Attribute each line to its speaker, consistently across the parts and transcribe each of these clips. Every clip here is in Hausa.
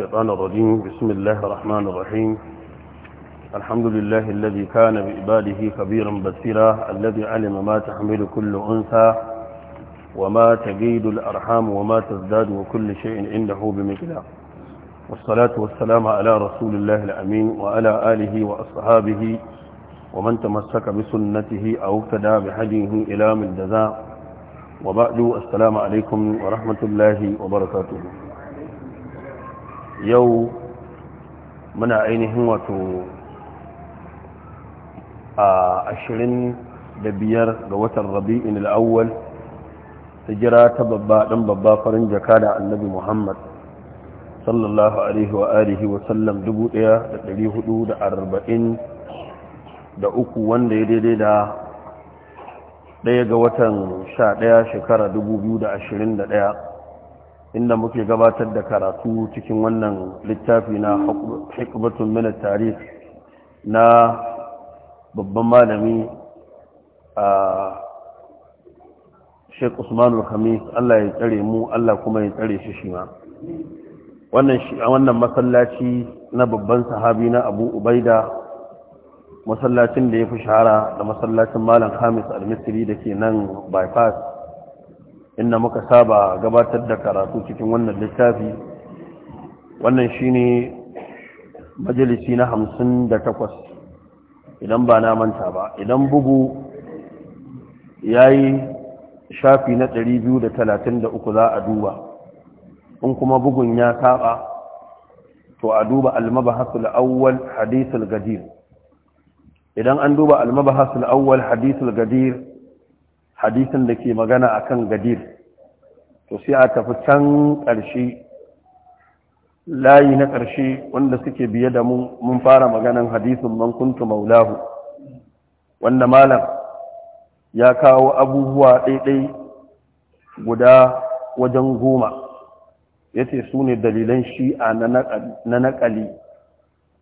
Speaker 1: الشيطان الرجيم بسم الله الرحمن الرحيم الحمد لله الذي كان بإباده كبيرا بسيرا الذي علم ما تحمل كل أنثى وما تجيد الأرحام وما تزداد وكل شيء عنده بمقدار والصلاة والسلام على رسول الله الأمين وعلى آله وأصحابه ومن تمسك بسنته أو اقتدى بهديه إلى من جزاء وبعد السلام عليكم ورحمة الله وبركاته yau muna ainihin wato a ashirin da biyar ga watan rabi'in al'awwal hijira ta babba ɗan babba farin jaka da annabi muhammad sallallahu alaihi wa alihi wa sallam dubu ɗaya da ɗari hudu da arba'in da uku wanda ya daidai da ɗaya ga watan sha ɗaya shekara dubu biyu da ashirin da ɗaya inda muke gabatar da karatu cikin wannan littafi na hikmatun mina tarihi na babban malami a sheikh usman al-khamis Allah ya tsare mu Allah kuma ya tsare shi shi wannan masallaci na babban sahabi na Abu Ubaida masallacin da ya fi shahara da masallacin Malam Khamis al-Misri ke nan bypass inda muka saba gabatar da karatu cikin wannan littafi wannan shine majalisi na hamsin da takwas idan ba na manta ba idan bugu ya yi shafi na ɗari biyu da da uku za a duba in kuma bugun ya saba to a duba almabahasul awwal hadisul gadir idan an duba almabahasul awwal hadisul gadir hadisin da ke magana akan gadir to sai a tafi can ƙarshe layi na ƙarshe wanda suke biye da mu mun fara maganan hadisin mankuntu maulahu wanda malam ya kawo abubuwa ɗaiɗai guda wajen goma ya ce su ne dalilan shi'a na naƙali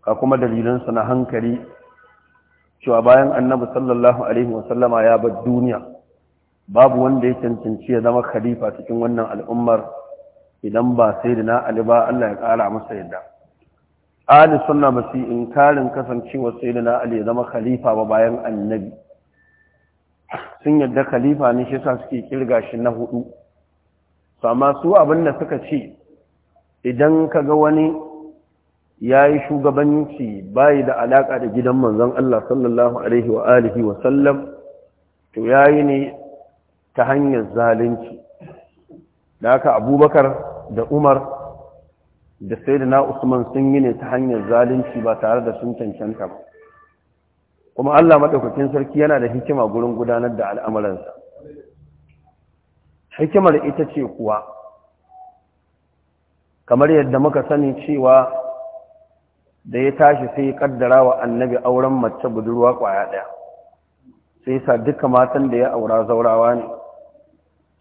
Speaker 1: ka kuma dalilansa na hankali cewa bayan annabi sallallahu alaihi wasallama ya bar duniya babu wanda ya cancanci ya zama khalifa cikin wannan al'ummar idan ba sai da na Ali ba Allah ya ƙara masa yadda Ali suna ba in karin kasancewa sai da na Ali ya zama khalifa ba bayan annabi sun yadda khalifa ne shi sa suke kirga shi na hudu amma su abin da suka ce idan ka ga wani ya yi shugabanci bayi da alaƙa da gidan manzon Allah sallallahu Alaihi wa alihi to ya yi ne ta hanyar zalunci da haka abubakar da umar da sai da na'usman usman sun yi ne ta hanyar zalunci ba tare da sun cancanta ba kuma allah maɗaukakin sarki yana da hikima gurin gudanar da al'amuransa hikimar ita ce kuwa kamar yadda muka sani cewa da ya tashi sai kaddara wa annabi auren mace budurwa kwaya ɗaya sai sa duka matan da ya aura zaurawa ne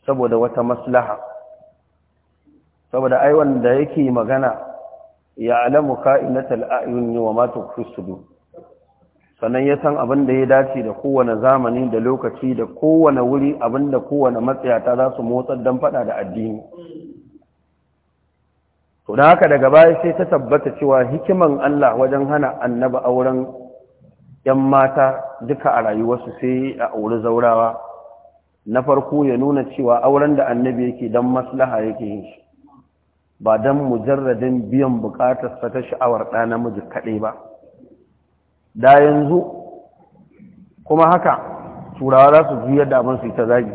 Speaker 1: saboda wata maslaha saboda ai wanda yake magana ya alamu ka'inatal a'yun wa ma tukhfi sanan sannan ya san abin da ya dace da kowane zamani da lokaci da kowane wuri abin da kowane matsayata za su motsar dan fada da addini to da haka daga baya sai ta tabbata cewa hikiman Allah wajen hana annabi auren ‘yan mata duka a rayuwarsu sai a auri zaurawa na farko ya nuna cewa auren da annabi yake don maslaha yake yin shi ba don mujarradin biyan bukatarsa ta sha'awar ɗa namiji kaɗai ba da yanzu kuma haka turawa za su juyar da abin su ta zagi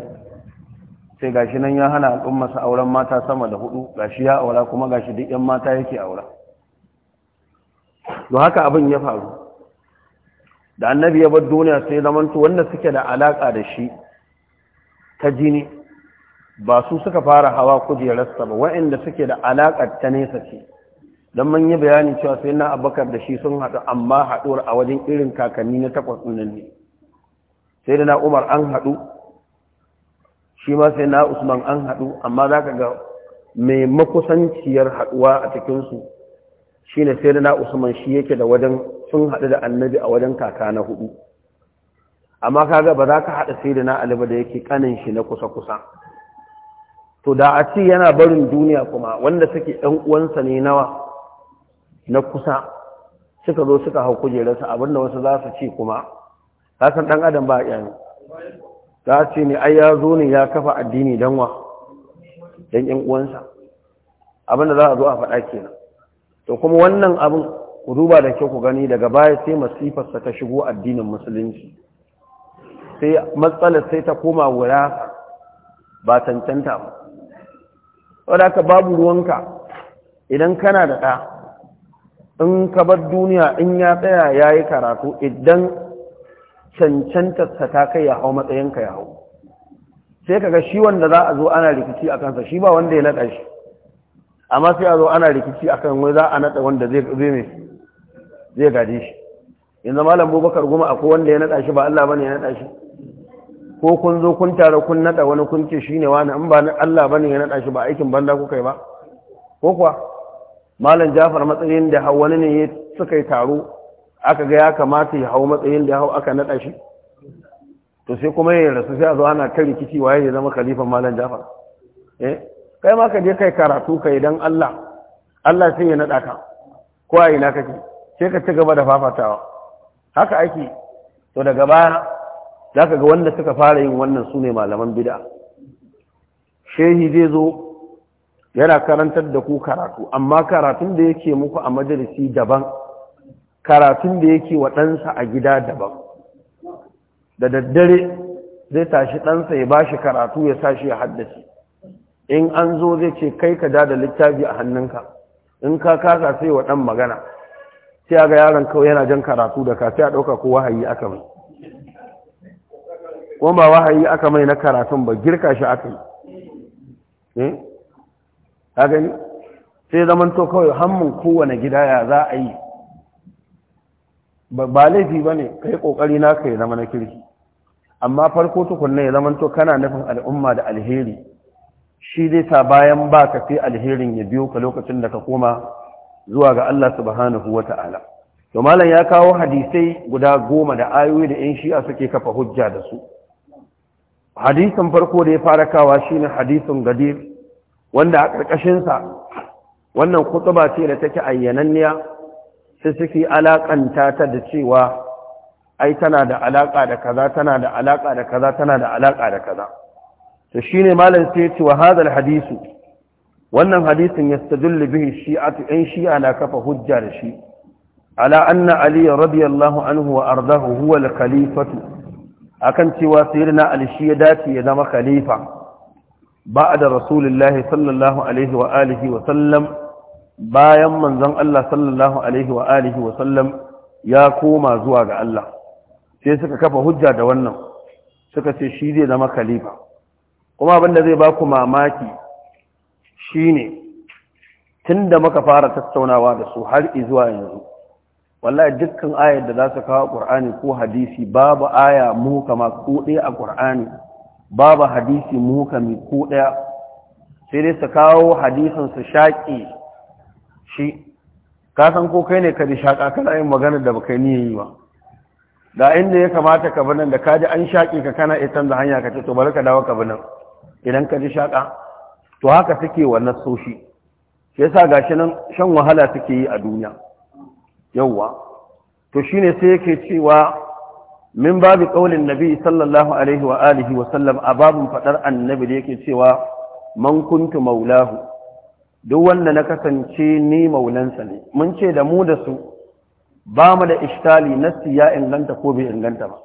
Speaker 1: sai gashi nan ya hana su auren mata sama da hudu gashi ya aura kuma gashi duk 'yan mata yake aura don haka abin ya faru da annabi ya bar duniya sai zamanto wanda suke da alaka da shi ta jini ba su suka fara hawa kujerarsa ba waɗanda suke da alaƙar ta nesa ce don mun yi bayani cewa sai na abakar da shi sun haɗu amma haɗuwar a wajen irin kakanni na takwas nan ne sai da na umar an haɗu shi ma sai na usman an haɗu amma za ka ga mai makusanciyar haɗuwa a cikinsu shi ne sai da na usman shi yake da wajen sun haɗu da annabi a wajen kaka na hudu amma kaga ba za ka haɗa sai da na aliba da yake kanin shi na kusa-kusa to da a ci yana barin duniya kuma wanda suke ɗan uwansa ne nawa na kusa suka zo suka hau kujerarsa abinda wasu za su ci kuma ka san ɗan adam ba yan za ce ne ai ya zo ne ya kafa addini don wa don ƴan uwansa abinda za a zo a faɗa kenan to kuma wannan abin ku duba da kyau ku gani daga baya sai masifarsa ta shigo addinin musulunci sai matsalar sai ta koma wura ba cancanta ba wadda ka babu ruwanka idan kana da ɗa in ka bar duniya in ya tsaya ya yi karatu idan cancantarsa ta kai ya hau matsayinka ya hau sai kaga shi wanda za a zo ana rikici a kansa shi ba wanda ya naɗa shi amma sai a zo ana rikici a kan wai za a naɗa wanda zai mai zai gaje shi yanzu malam bubakar goma akwai wanda ya naɗa shi ba Allah bane ya naɗa shi ko kun zo kun tare kun nada wani kun ce shine wani in ba na Allah bane ya nada shi ba aikin banda kuka yi ba ko kuwa malam Jafar matsayin da wani ne suka yi taro aka ga ya kamata ya hau matsayin da hau aka nada shi to sai kuma ya rasu sai a zo ana kan rikici waye ya zama khalifan malam Jafar eh kai ma ka je kai karatu kai dan Allah Allah sai ya nada ka ko a ina kake sai ka ci gaba da fafatawa haka ake to daga baya za ka ga wanda suka fara yin wannan su ne malaman bida shehi zai zo yana karantar da ku karatu amma karatun da yake muku a majalisi daban karatun da yake wa ɗansa a gida daban da daddare zai tashi ɗansa ya bashi karatu ya sashi ya haddace in an zo zai ce kai ka da da littafi a hannunka in ka kasa sai wa ɗan magana sai ga yaron kawai yana jan karatu da ka a ɗauka ko wahayi aka mai ko ba wahayi aka mai na karatun ba girka shi aka yi eh? a gani sai zaman to kawai hannun kowane gida ya za a yi ba laifi ba ne kai kokari na ka ya zama na kirki amma farko tukunna ya zaman to kana nufin al'umma da alheri shi zai sa bayan ba ka sai alherin ya biyo ka lokacin da ka koma zuwa ga Allah subhanahu wa ta'ala to malam ya kawo hadisai guda goma da ayoyi da yan shi'a suke kafa hujja da su hadisin farko da ya fara kawa ne hadisin gadir wanda a ƙarƙashinsa wannan kutuba ce da take ayyananniya sai suke alaƙanta ta da cewa ai tana da alaƙa da kaza tana da alaƙa da kaza tana da alaƙa da kaza to ne malam sai ya ce wa hadal hadisu wannan hadisin yastadullu bihi shi'atu 'yan shi'a na kafa hujja da shi ala anna ali radiyallahu anhu wa ardahu huwa al-khalifatu akan cewa sayyidina ali shi ya dace ya zama khalifa ba'da rasulullahi sallallahu alaihi wa alihi wa sallam bayan manzon Allah sallallahu alaihi wa alihi wa sallam ya koma zuwa ga Allah sai suka kafa hujja da wannan suka ce shi zai zama khalifa kuma abin da zai ba ku mamaki shine tunda muka fara tattaunawa da su har zuwa yanzu wallahi dukkan ayar da za su kawo qur'ani ko hadisi babu aya muhkama ko ɗaya a qur'ani babu hadisi muhkami ko sai dai su kawo hadisin su shaƙi shi ka san ko kai ne ka ji shaƙa kana yin magana da baka ni yi ba da inda ya kamata ka bi nan da ka ji an shaƙi ka kana iya canza hanya ka ce to bari ka dawo ka bi nan idan ka ji shaƙa to haka suke wannan soshi shi yasa gashi nan shan wahala suke yi a duniya yawwa to shine sai yake cewa min babu kaulin nabi sallallahu alaihi wa alihi wa sallam a babun fadar annabi da yake cewa man kuntu maulahu duk wanda na kasance ni maulansa ne mun ce da mu da su ba mu da ishtali na ya inganta ko bai inganta ba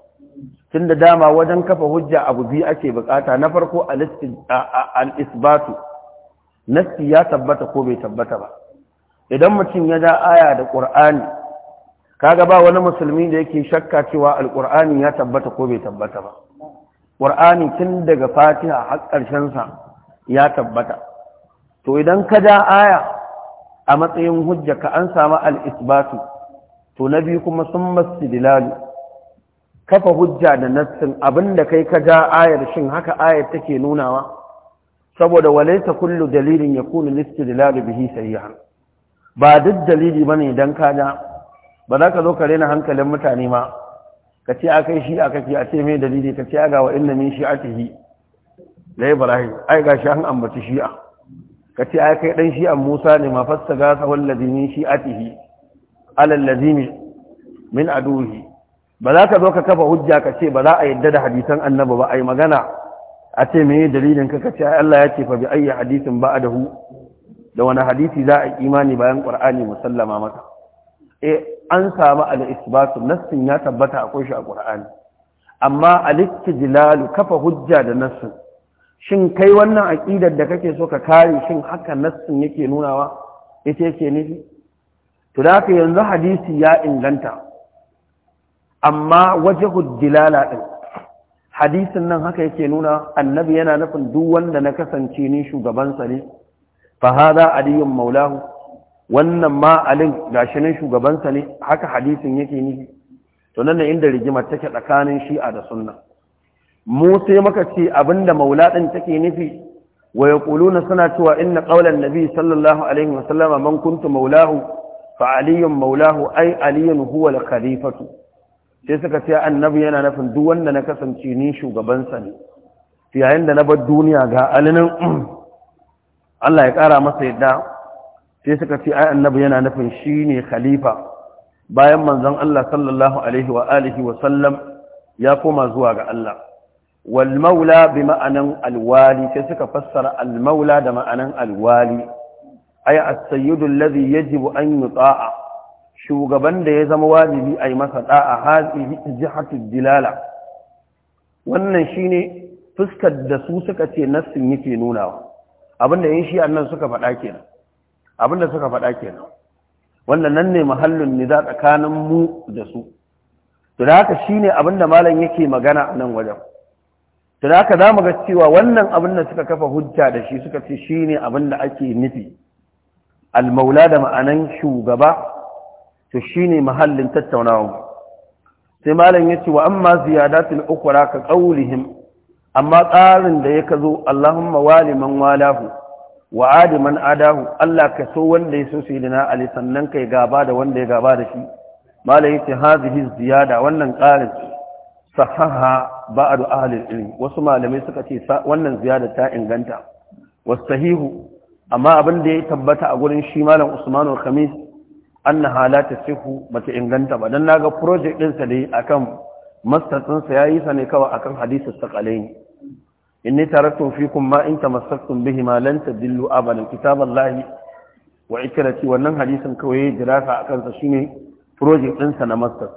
Speaker 1: tun da dama wajen kafa hujja abu biyu ake bukata na farko al-isbatu nassi ya tabbata ko bai tabbata ba idan mutum ya da aya da ƙur'ani kaga ba wani musulmi da yake shakka cewa alƙur'ani ya tabbata ko bai tabbata ba ƙur'ani tun daga fatiha har ƙarshensa ya tabbata to idan ka da aya a matsayin hujja ka an samu al'isbatu to na biyu kuma sun mastidilalu kafa hujja da nassin abinda kai ka ja ayar shin haka ayar take nunawa saboda walaita kullu dalilin ya yakunu listidlalu bihi sahihan ba duk dalili ba ne don kada ba za ka zo ka rena hankalin mutane ma ka ce a kai shi a kake a ce mai dalili ka ce aga wa inna min shi a shi'atihi la ibrahim ai ga shi an ambaci shi'a ka ce a kai dan shi'an musa ne ma fasta ga sahul shi a shi'atihi alal ladhi min aduhi ba za ka zo ka kafa hujja ka ce ba za a yadda da hadisan annabi ba ai magana a ce me dalilin ka ce? Allah ya ce fa bi ayyi hadisin ba'dahu da wani hadisi za a imani bayan ƙur'ani musallama mata eh an samu alisbatu isbatu nassin ya tabbata akwai shi a ƙur'ani amma al-istijlal kafa hujja da nassin shin kai wannan aƙidar da kake so ka kare shin haka nassin yake nunawa ita yake nufi to da haka yanzu hadisi ya inganta amma wajhud dilala ɗin. hadisin nan haka yake nuna annabi yana nufin duk wanda na kasance ni shugabansa ne fa hada aliyun maulahu wannan ma alin shi nan shugabansa ne haka hadisin yake ni to nan inda rigimar take tsakanin shi'a da sunna mu sai muka ce abinda maula din take nufi wa yaquluna suna cewa inna qawlan nabi sallallahu alaihi wa sallama man kuntu maulahu fa aliyun maulahu ai aliyun huwa al khalifatu sai suka ce annabi yana nufin duk wanda na kasance ni shugabansa ne yayin da na bar duniya ga alinin Allah ya ƙara masa yadda sai suka ce ai annabi yana nufin shine khalifa bayan manzon Allah sallallahu alaihi wa alihi wa sallam ya koma zuwa ga Allah wal maula bi ma'anan al wali sai suka fassara al maula da ma'anan al wali ai as-sayyidu alladhi yajibu an yuta'a shugaban da ya zama wajibi ai masa da'a hadhihi jihatu dilala wannan shine fuskar da su suka ce nasin yake nunawa abinda yin shi annan suka faɗa kenan abinda suka faɗa kenan wannan nan ne mahallin za tsakanin mu da su to da haka shine abinda malam yake magana a nan wajen to da haka zamu ga cewa wannan abin da suka kafa hujja da shi suka ce shine abinda da ake nufi al-maula da ma'anan shugaba to shine mahallin tattaunawa sai malam yace wa amma ziyadatul ukra ka qawlihim amma tsarin da ya ka zo Allahumma waliman walahu wa man adahu Allah ka so wanda ya so sayyidina Ali sannan kai gaba da wanda ya gaba da shi malai yace hazihi ziyada wannan tsarin sahaha ba'd ahli ilmi wasu malamai suka ce wannan ziyada ta inganta wasahihu amma abin da ya tabbata a gurin shi malam Usman al-Khamis annaha la tasihu bata inganta ba dan naga project din sa dai akan mastatsin ya yi sa ne kawai akan hadisi sakalaini inni taraktu fikum ma in tamassaktum bihi ma lan tadillu abadan kitaballahi wa ikrati wannan hadisin kawai dirasa akan sa shine project din sa na master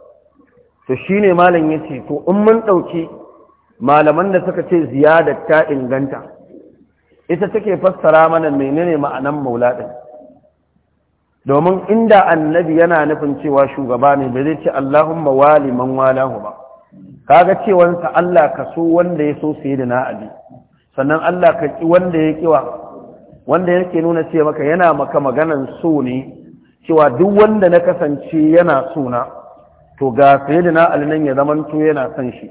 Speaker 1: to shine malam yace to in mun dauki malaman da suka ce ziyadat ta inganta ita take fassara mana menene ma'anan maula din domin inda annabi yana nufin cewa shugaba ne bai zai ce Allahumma wali man walahu ba kaga cewansa Allah kaso wanda ya so sai da na ali sannan Allah ka ƙi wanda ya ƙiwa wanda yake nuna ce maka yana maka maganan so ne cewa duk wanda na kasance yana suna to ga sayyidina Ali nan ya zamanto yana son shi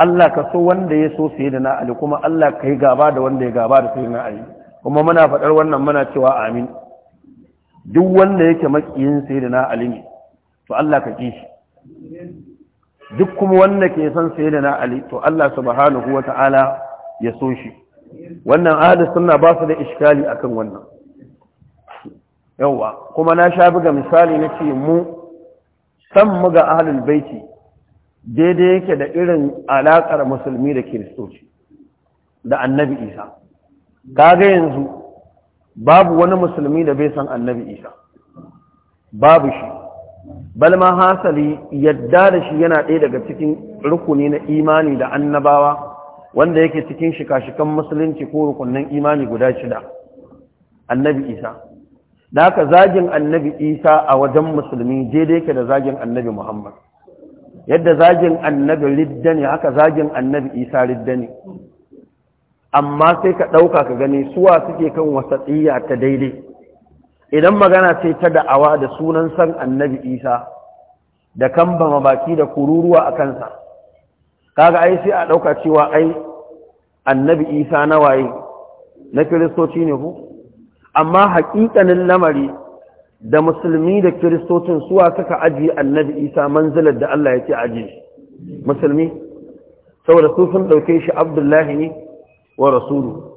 Speaker 1: Allah ka so wanda ya so sayyidina Ali kuma Allah ka yi gaba da wanda ya gaba da sayyidina Ali kuma muna faɗar wannan muna cewa amin duk wanda yake makiyin sayyidina Ali ne to Allah ka ƙi shi duk kuma wanda ke son sayyidina Ali to Allah subhanahu wata'ala ya so shi wannan ahadis suna ba su da iskali akan wannan yauwa kuma na sha buga misali na ce mu san mu ga ahalin baiti daidai yake da irin alaƙar musulmi da kiristoci da annabi isa kaga yanzu babu wani musulmi da bai san annabi isa babu shi balma hasali yadda da shi yana ɗaya daga cikin rukuni na imani da annabawa wanda yake cikin shika-shikan musulunci ko rukunnan imani guda shida annabi isa da aka zagin annabi isa a wajen musulmi daidai yake da zagin annabi muhammad yadda zagin annabi ridda ne haka zagin annabi isa ridda ne amma sai ka ɗauka ka gani suwa suke kan wasatsiya ta daidai idan magana ce ta da'awa da sunan san annabi isa da kambama baki da kururuwa a kansa kaga ai sai a ɗauka cewa ai annabi isa na waye na kiristoci ne ku amma haƙiƙanin lamari da musulmi da kiristocin suwa suka ajiye annabi isa manzilar da Allah ya ce ajiye musulmi saboda su sun ɗauke shi abdullahi ne wa rasulu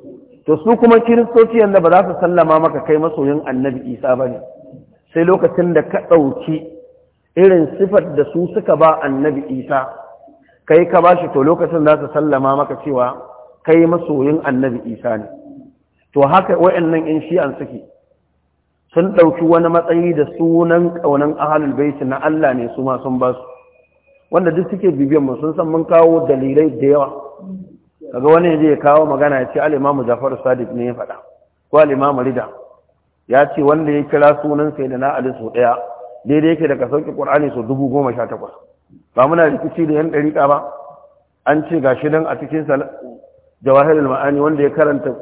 Speaker 1: to su kuma kiristoci yadda ba za su sallama maka kai masoyin annabi isa ba ne sai lokacin da ka ɗauki irin sifar da su suka ba annabi isa kai ka bashi to lokacin za su sallama maka cewa kai masoyin annabi isa ne to haka wayannan in an suke sun ɗauki wani matsayi da sunan ƙaunan ahalul baiti na Allah ne su ma sun ba su wanda duk suke bibiyan mu sun san mun kawo dalilai da yawa kaga wani ya je ya kawo magana ya ce al-Imam Ja'far Sadiq ne ya faɗa ko al-Imam Rida ya ce wanda ya kira sunan sai na Ali so daya daidai yake daga sauki Qur'ani sha takwas. ba muna rikici da yan ɗariƙa ba an ce gashi nan a cikin jawahir ma'ani wanda ya karanta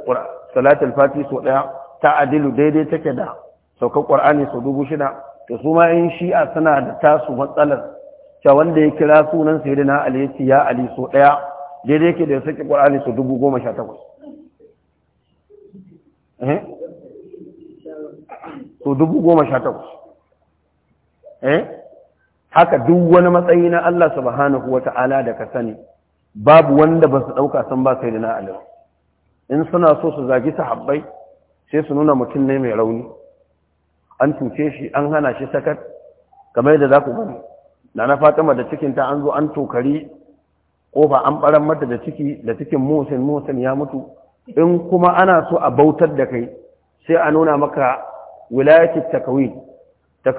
Speaker 1: salatul fati sau ɗaya ta adilu daidai take da saukar ƙwar'ani sau dubu shida da su ma yin shi'a suna da tasu matsalar cewa wanda ya kira sunan sai Ali na ali ya ali sau ɗaya daidai ke da ya saki ƙwar'ani sau dubu goma sha takwas sau dubu goma sha takwas eh haka duk wani matsayi na Allah subhanahu Ta'ala da ka sani babu wanda ba su ɗauka san ba sai da na alim in suna so su zagi su sahabbai sai su nuna mutum ne mai rauni an tuce shi an hana shi sakat kamar yadda za ku gani na na fatima da cikin ta an zo an tokari kofa an ɓaran mata da ciki da cikin musin musin ya mutu in kuma ana so a bautar da kai sai a nuna maka wilayatul takwin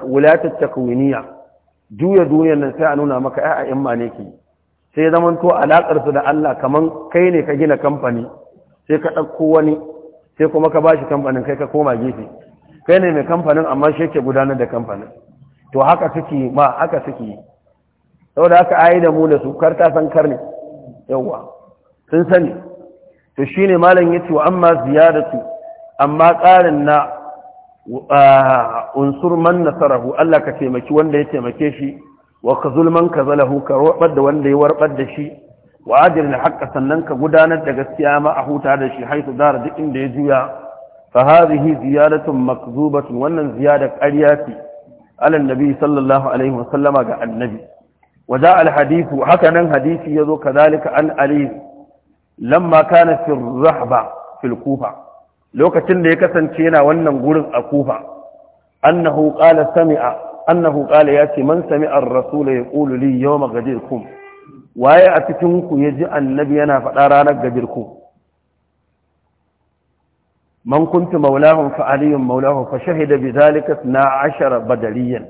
Speaker 1: wilayatul takwiniyya juya duniyar nan sai a nuna maka ya'a in ma ne ke sai zaman to alaƙar su da Allah kaman kai ne ka gina kamfani sai ka ɗauko wani sai kuma ka bashi kamfanin kai ka koma gefe kai ne mai kamfanin amma shi ke gudanar da kamfanin to haka suke ma haka suke yi saboda haka ayi da mu da su kar ta san kar ne yawwa sun sani to shine malam yace wa amma ziyadatu amma qarin na unsur man nasarahu Allah ka taimaki wanda ya taimake shi wa ka zulman ka zalahu ka robar da wanda ya warbar da shi wa ajirin haƙƙa sannan ka gudanar da gaskiya ma a huta da shi haitu dara duk inda ya juya fa hadhihi ziyadatun makzubatun wannan ziyada ƙarya ce alan nabi sallallahu alaihi sallama ga annabi wa za al hadithu haka nan hadisi yazo kadhalika an ali lamma kana fi rahba fil kufa lokacin da ya kasance yana wannan gurin a kufa annahu qala sami'a annahu qala ya ce man sami'a ar-rasul yaqulu li yawma ghadirkum waye a cikin ku yaji annabi yana faɗa ranar ghadirkum man kuntu maulahum fa aliyun maulahu fa shahida bi na 12 badariyan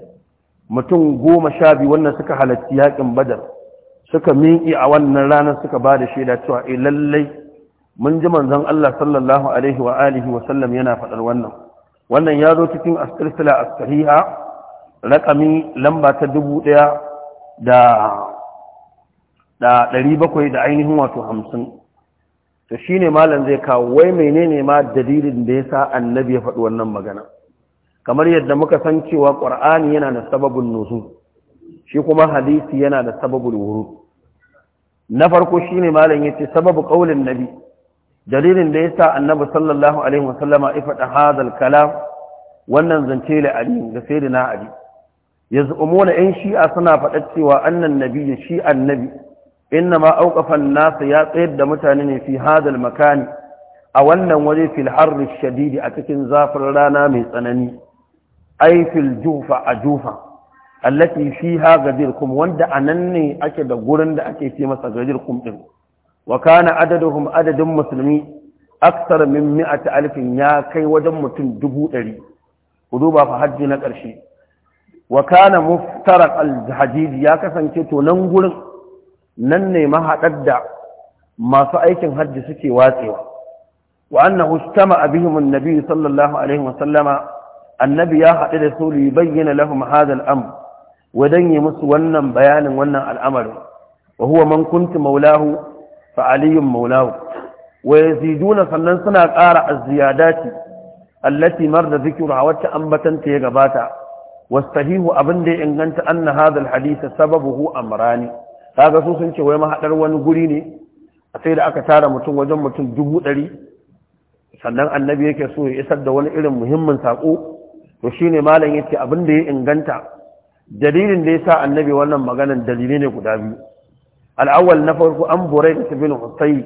Speaker 1: mutum goma sha biyu wannan suka halarci yakin badar suka miƙi a wannan ranar suka ba da shaida cewa eh, lallai mun ji manzon Allah sallallahu alaihi wa alihi wa sallam yana faɗar wannan wannan ya zo cikin as-silsila as-sahiha raqami lamba ta 1000 da da 700 da ainihin wato 50 to shine malam zai kawo wai menene ma dalilin da yasa annabi ya faɗi wannan magana kamar yadda muka san cewa qur'ani yana da sababun nuzul shi kuma hadisi yana da sababul wurud na farko shine malam yace sababu qaulin nabi dalilin da ya sa annabi sallallahu alaihi wasallama ya faɗa hadal kalam wannan zance la ali da sayyidina ali yaz'umuna in shi'a suna faɗa cewa annan nabiyyi shi annabi inna ma auqafa nas ya tsayar da mutane ne fi hadal makani a wannan waje fil harri shadidi a cikin zafin rana mai tsanani ai fil jufa a jufa allati fiha gadir kum wanda anan ne ake da gurin da ake ce masa gadir kum din wa kana adadin musulmi aksar min mi'ati alfin ya kai wajen mutum dubu ɗari ku duba fa hajji na ƙarshe wa kana muftarak al-hajiji ya kasance to nan gurin nan ne mahaɗar da masu aikin hajji suke watsewa wa annahu istama bihim an sallallahu alaihi wa sallama annabi ya haɗu da su bayyana lahum hadha al-amr yi musu wannan bayanin wannan al'amarin wa huwa maulahu fa aliyun maulahu wa yaziduna sannan suna ƙara azziyadati allati marda zikruha wacce ambatanta ya gabata Wasu sahihu abin da ya inganta anna sababu alhadith a marani kaga su sun ce wai mahaɗar wani guri ne sai da aka tara mutum wajen mutum dubu ɗari sannan annabi yake so ya isar da wani irin muhimmin saƙo to shine malam yace abin da ya inganta dalilin da ya sa annabi wannan maganan dalilai ne guda biyu al'awal na farko an burai da bin husayn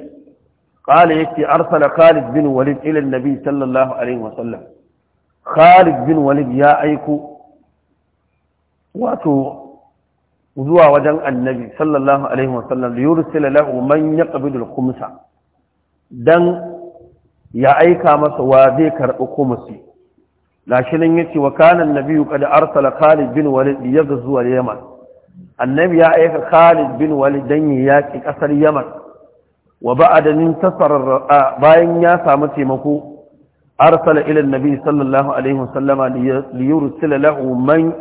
Speaker 1: qala yake arsala khalid bin walid ila annabi sallallahu alaihi wasallam khalid bin walid ya aiko wato zuwa wajen annabi sallallahu alaihi wasallam da yursila lahu man yaqbidu al-khumsa dan ya aika masa wa zai karbi khumsi lashinin yace wa kana an-nabi qad arsala Khalid bin Walid zuwa Yaman annabi ya aika Khalid bin wali dan ya yaƙi ƙasar Yaman wa ba'adanin min bayan ya samu taimako arsala ila nabi sallallahu alaihi wasallama li yursila lahu man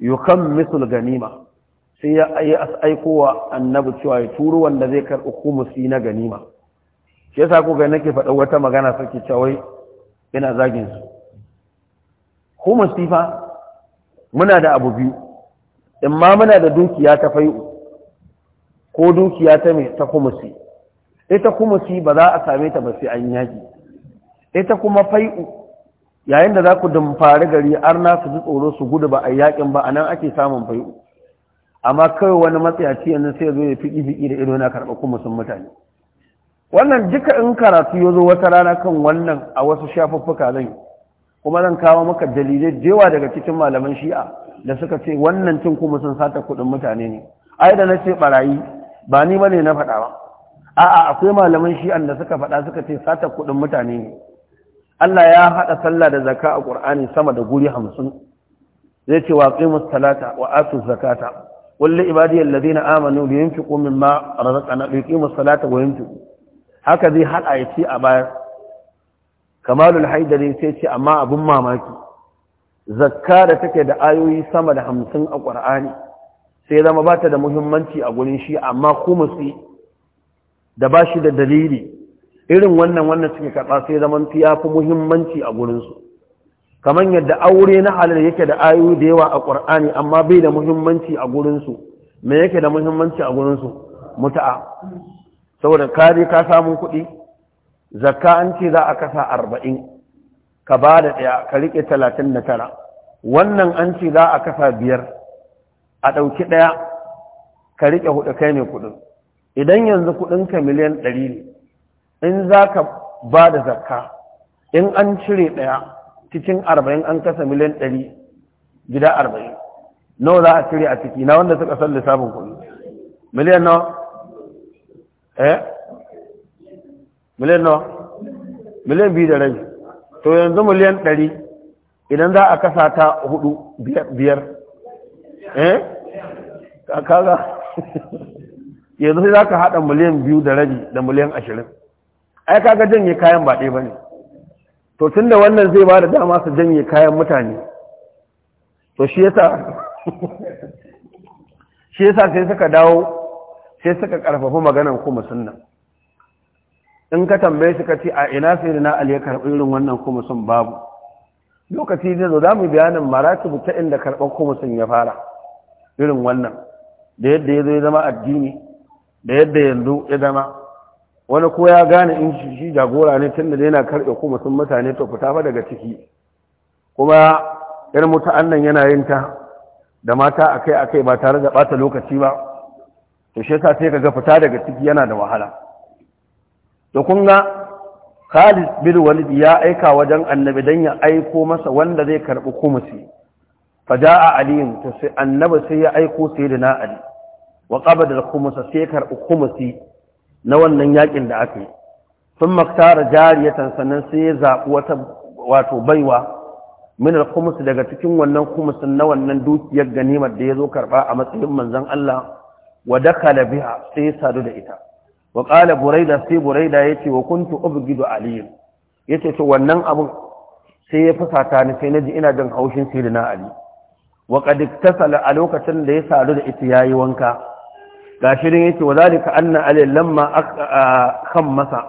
Speaker 1: yukammisu ganima sai ya yi aikowa annabi cewa ya turu wanda zai karɓi kumusi na ganima shi yasa ga nake faɗa wata magana sarki cewa ina zagin su kumusi fa muna da abu biyu in ma muna da dukiya ta fai'u ko dukiya ta mai ta kumusi ita kumusi ba za a same ta ba sai an yaki ita kuma fai'u yayin da za ku dumfari gari arna su ji tsoro su gudu ba a yakin ba anan ake samun fai'u amma kawai wani matsayaci yanzu sai ya zo ya fiƙi fiƙi da ido na karɓa kumusin mutane wannan duka in karatu ya zo wata rana kan wannan a wasu shafuffuka zan kuma zan kawo maka dalilai da daga cikin malaman shi'a da suka ce wannan cin kuma sun sata kuɗin mutane ne ai da na ce barayi ba ni ne na faɗa ba a'a akwai malaman shi'an da suka faɗa suka ce sata kuɗin mutane ne Allah ya haɗa sallah da zaka a Qur'ani sama da guri hamsin zai ce wa qimus salata wa atu zakata qul li ibadiyal ladina amanu yunfiqu mimma razaqna yuqimus salata wa yunfiqu haka zai haɗa ya a baya kamalul haidari sai ce amma abin mamaki zakka da take da ayoyi sama da hamsin a ƙwar'ani sai zama ba ta da muhimmanci a gurin shi amma kuma su da ba shi da dalili irin wannan wannan suke karɓa sai zama ya fi muhimmanci a gurinsu kamar yadda aure na halar yake da ayoyi da yawa a ƙwar'ani amma bai da muhimmanci a gurinsu me yake da muhimmanci a gurinsu muta'a saboda kare ka samun kuɗi zakka an ce za a kasa arba'in ka ba da ɗaya ka riƙe talatin da tara wannan an ce za a kasa biyar a ɗauki ɗaya ka riƙe hudu kai ne kuɗin idan yanzu kuɗinka miliyan ɗari ne in za ka ba da zakka in an cire ɗaya cikin arba'in an kasa miliyan ɗari gida arba'in nawa za a cire a ciki na wanda suka san lissafin kuɗi miliyan nawa eh miliyan nawa miliyan biyu da rai to yanzu miliyan ɗari idan za a kasa ta hudu biyar eh kaga yanzu sai za ka haɗa miliyan biyu da rabi da miliyan ashirin ai kaga janye kayan baɗe ba ne to tun da wannan zai ba da dama su janye kayan mutane to shi yasa shi yasa sai suka dawo sai suka ƙarfafi maganan kuma sunna in ka tambaye suka ce a ina sai na aliyar ya karɓi irin wannan kuma sun babu lokaci zo za mu bayanin maratubu ta inda karɓar kumusin ya fara irin wannan da yadda ya zo ya zama addini da yadda yanzu ya zama wani ko ya gane in shi jagora ne tun da yana karɓe kumusin mutane to fita fa daga ciki kuma yar mutu'an nan yana yin ta da mata akai akai ba tare da bata lokaci ba to shi yasa sai ga fita daga ciki yana da wahala to kun ga Khalid bin Walid ya aika wajen annabi dan ya aiko masa wanda zai karbi kumusi a aliyin to sai annabi sai ya aiko na ali wa qabada al-khumsa sai karbi kumusi na wannan yakin da aka yi sun maktara jariyatan sannan sai ya zaɓi wata wato baiwa min al daga cikin wannan khumusin na wannan dukiyar ganimar da ya zo karɓa a matsayin manzon Allah wa dakala biha sai ya sadu da ita wa qala buraida sai buraida yace wa kuntu ubgidu ali yace to wannan abun sai ya fusata ni sai naji ina jin haushin na ali wa qad iktasala a lokacin da ya sadu da ita yayi wanka Gashirin ya yace wa zalika anna ali lamma masa?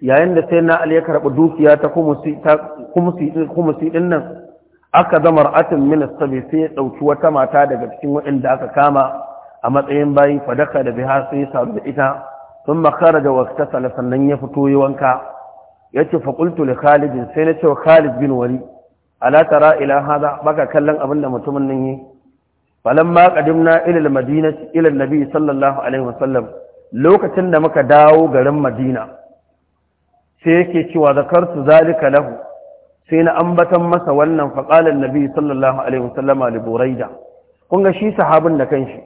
Speaker 1: yayin da sai na ali ya karbi dukiya ta kumusi ta nan aka zama ra'atin ministabi sai ya ɗauki wata mata daga cikin waɗanda aka kama a matsayin bayi fadaka da biha sai ya saru da ita sun makara da wasu sannan ya fito yi wanka ya ce faƙultu da khalidin sai na ce wa khalid bin wari alatara tara ila haza baka kallon abin da mutumin nan yi Falon ma na ilil madina ilal nabi sallallahu alaihi wasallam lokacin da muka dawo garin madina sai yake cewa su zalika lahu sai na ambatan masa wannan faƙalar nabi sallallahu alaihi wasallama da buraida kun ga shi sahabin da kanshi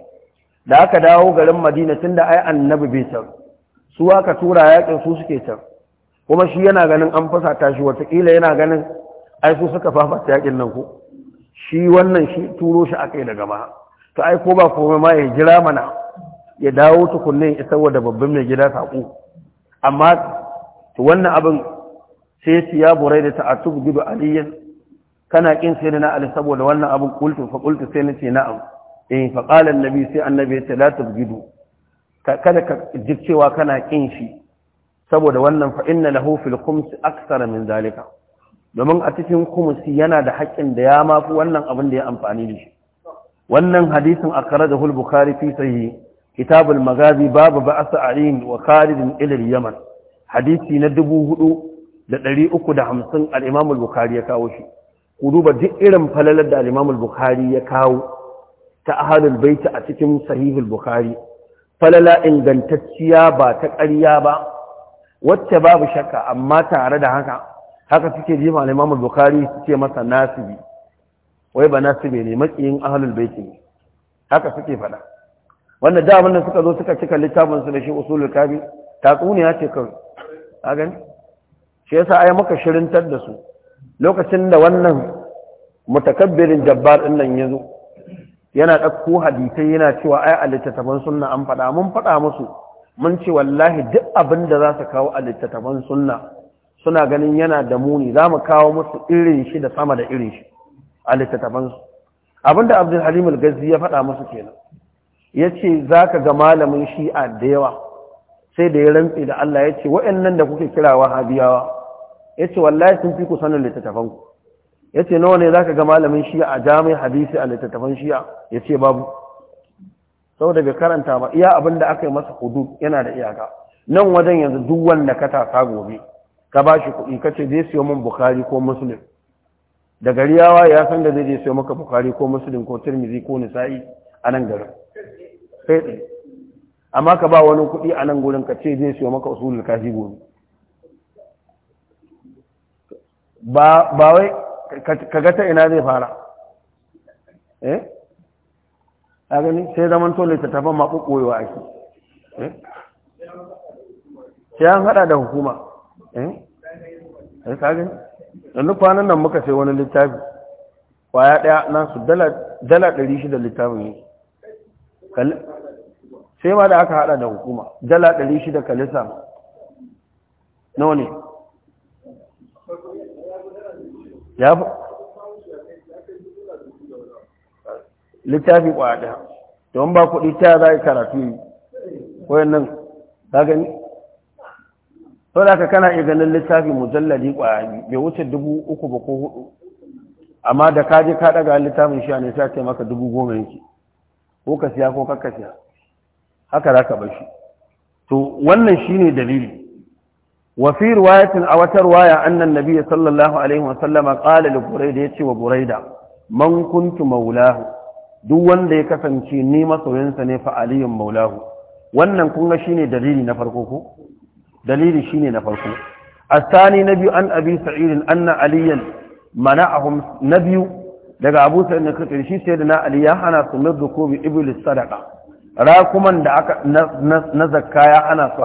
Speaker 1: da aka dawo garin madina tun da ai annabi bai su aka tura yakin su suke can kuma shi yana ganin an fasa ta shi watakila yana ganin ai su suka fafata yakin nan ko shi wannan shi turo shi akai daga ma to ai ko ba komai ma ya jira mana ya dawo tukunne ya saboda babban mai gida saƙo amma to wannan abin sai ya burai da ta'atub gidu aliyan kana kin sai da na ali saboda wannan abin kultu fa kultu sai nace na'am eh fa qala annabi sai annabi ya ce la tubgidu kada ka ji cewa kana kin shi saboda wannan fa inna lahu fil khums min zalika domin a cikin khumsi yana da haƙƙin da ya mafi wannan abin da ya amfani da shi wannan hadisin akhrajahu al-bukhari fi sahih kitab al-magazi babu ba'as arin wa khalid ila al-yaman hadisi na 4350 al-imam al-bukhari ya kawo shi ku duba duk irin falalar da al-imam al-bukhari ya kawo ta ahadul bait a cikin sahih al-bukhari falala ingantacciya ba ta ƙarya ba wacce babu shakka amma tare da haka haka suke ji malaman bukari suke masa nasibi wai ba nasibi ne makiyin ahlul baiti ne haka suke faɗa wanda da abin da suka zo suka cika littafin su da shi usulul kafi ya ce ka a gani shi yasa ai maka shirintar da su lokacin da wannan mutakabbirin jabbar din nan ya zo yana ɗauko hadisai yana cewa ai a littattafan sunna an faɗa mun faɗa musu mun ce wallahi duk abin da za su kawo a littattafan sunna suna ganin yana da muni za mu kawo musu irin shi da sama da irin shi a littattafan su abin da abdul halim al-gazi ya faɗa musu kenan ya ce za ka ga malamin shi'a da yawa sai da ya rantse da Allah ya ce wa'annan da kuke kira wahabiyawa ya ce wallahi sun fi ku sanin ku ya ce nawa ne za ka ga malamin shi'a a jami'in hadisi a littattafan shi'a ya ce babu da bai karanta ba iya abin da aka yi masa hudu yana da iyaka nan wajen yanzu duk wanda ka tasa gobe ka ba shi kuɗi ka ce zai siyo min bukari ko musulun da gari yawa ya san da zai je siyo maka bukari ko musulun ko turmizi ko nisa'i a nan garin sai ɗin amma ka ba wani kuɗi a nan gurin ka ce zai siyo maka usulun kafi gobe ba wai kaga ta ina zai fara eh a gani sai zaman to littattafan maɓuɓɓoyewa ake eh sai an haɗa da hukuma eh? eh ka gani yanzu kwanan nan muka sai wani littafi kwaya ɗaya nasu dala ɗari shida littafin yi sai ma da aka haɗa da hukuma dala ɗari shida ka nawa ne ya fi littafi to don ba kuɗi ta za a karatu yi wayan nan ta gani sau da aka kana iya ganin littafi mujalladi kwaya bai wuce dubu uku ba ko hudu amma da ka je ka littafin shi ne sai ce maka dubu goma yake ko ka siya ko kakka siya haka za ka bar shi to wannan shi ne dalili وفي رواية أو رواية أن النبي صلى الله عليه وسلم قال لبريدة وبريدة من كنت مولاه دون دي كسنشي نيمة وينسني فعلي مولاه wannan kun ga shine dalili na farko ko dalili shine na farko asani nabi an abi sa'id anna aliyan mana'ahum nabi daga abu sa'id na kace shi sai da na ali ya hana rakuman da aka na zakka ya hana su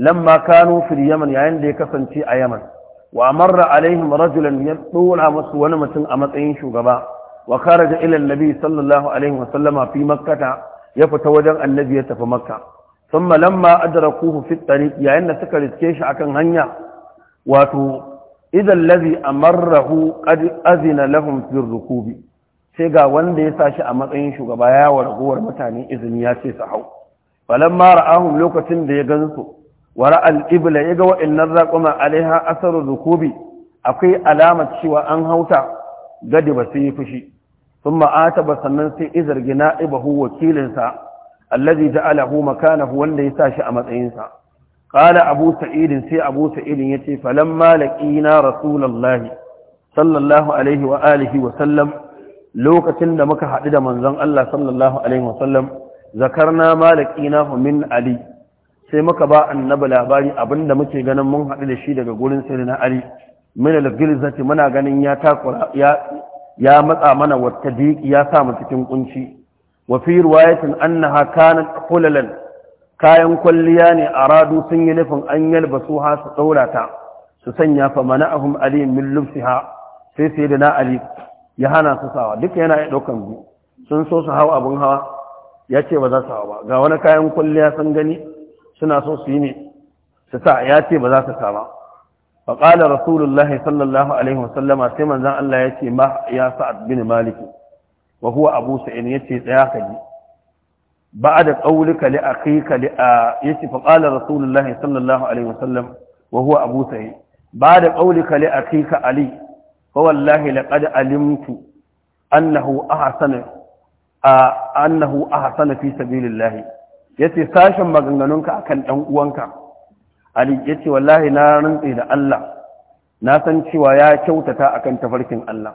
Speaker 1: lamma kanu fil yaman yayin da ya kasance a yaman wa marra alaihim rajulan ya dora musu wani mutum a matsayin shugaba wa kharaja ila annabi sallallahu alaihi wa sallama fi makkata ya fita wajen annabi ya tafi makka thumma lamma adrakuhu fi tariq yayin da suka riske shi akan hanya wato idan allazi amarrahu qad azina lahum fi rukubi sai ga wanda ya sashi a matsayin shugaba ya wa ragowar mutane izini ya ce su hau Balan mara ra'ahum lokacin da ya gansu wara al'ibla ya ga wa'innan raƙuma alaiha asarar rukubi akwai alamar cewa an hauta gadi ba sun yi fushi sun ma'ata ba sannan sai izargi ibahu wakilinsa allazi ja'alahu makanahu wanda ya sa shi a matsayinsa Ƙala abu sa'idin sai abu sa'idin falon falamma na rasulullahi sallallahu alaihi wa alihi wa sallam lokacin da muka haɗu da manzon Allah sallallahu alaihi wa sallam zakarna ma laqina min ali sai muka ba annabi labari abinda muke ganin mun haɗu da shi daga gurin sai na ali min al-gilzati muna ganin ya takura ya matsa mana wata diki ya sa mu cikin kunci wa fi riwayatin annaha kanat kayan kwalliya ne a Radu sun yi nufin an yalbasu ha su daura ta su sanya fa mana'ahum ali min lubsiha sai sai da na ali ya hana su sawa duka yana ya daukan sun so su hawa abun hawa ya ce ba za su hawa ba ga wani kayan kwalliya sun gani suna so su yi ne su sa ya ce ba za su sa ba fa qala rasulullahi sallallahu alaihi wasallama sai manzon Allah ya ce ma ya sa'ad bin malik wa huwa abu sa'id yace tsaya ka ji بعد قولك لأخيك يسي فقال رسول الله صلى الله عليه وسلم وهو أبو سعيد بعد قولك لأخيك علي فوالله لقد علمت أنه أحسن أنه أحسن في fi الله yace sashen maganganunka akan dan uwanka ali ce wallahi na rantsi da Allah na san cewa ya kyautata akan tafarkin Allah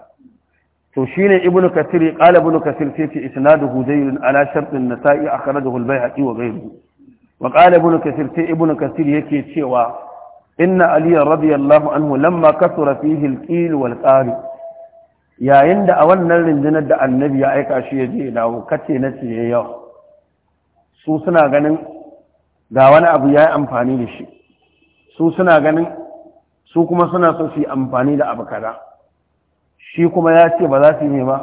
Speaker 1: to shine ibnu kasir qala ce kasir yace da zayrun ala shart an-nasa'i akhrajahu al-baihaqi wa gairu. wa qala ibnu kasir sai ibnu kasir yake cewa inna ali radiyallahu anhu lamma kasura fihi al wal yayin da a wannan rindinar da annabi ya aika shi ya je dawo kace na nace yawa. su suna ganin ga wani abu ya yi amfani da shi su suna ganin su kuma suna so su yi amfani da abu kada shi kuma ya ce ba za su yi ne ba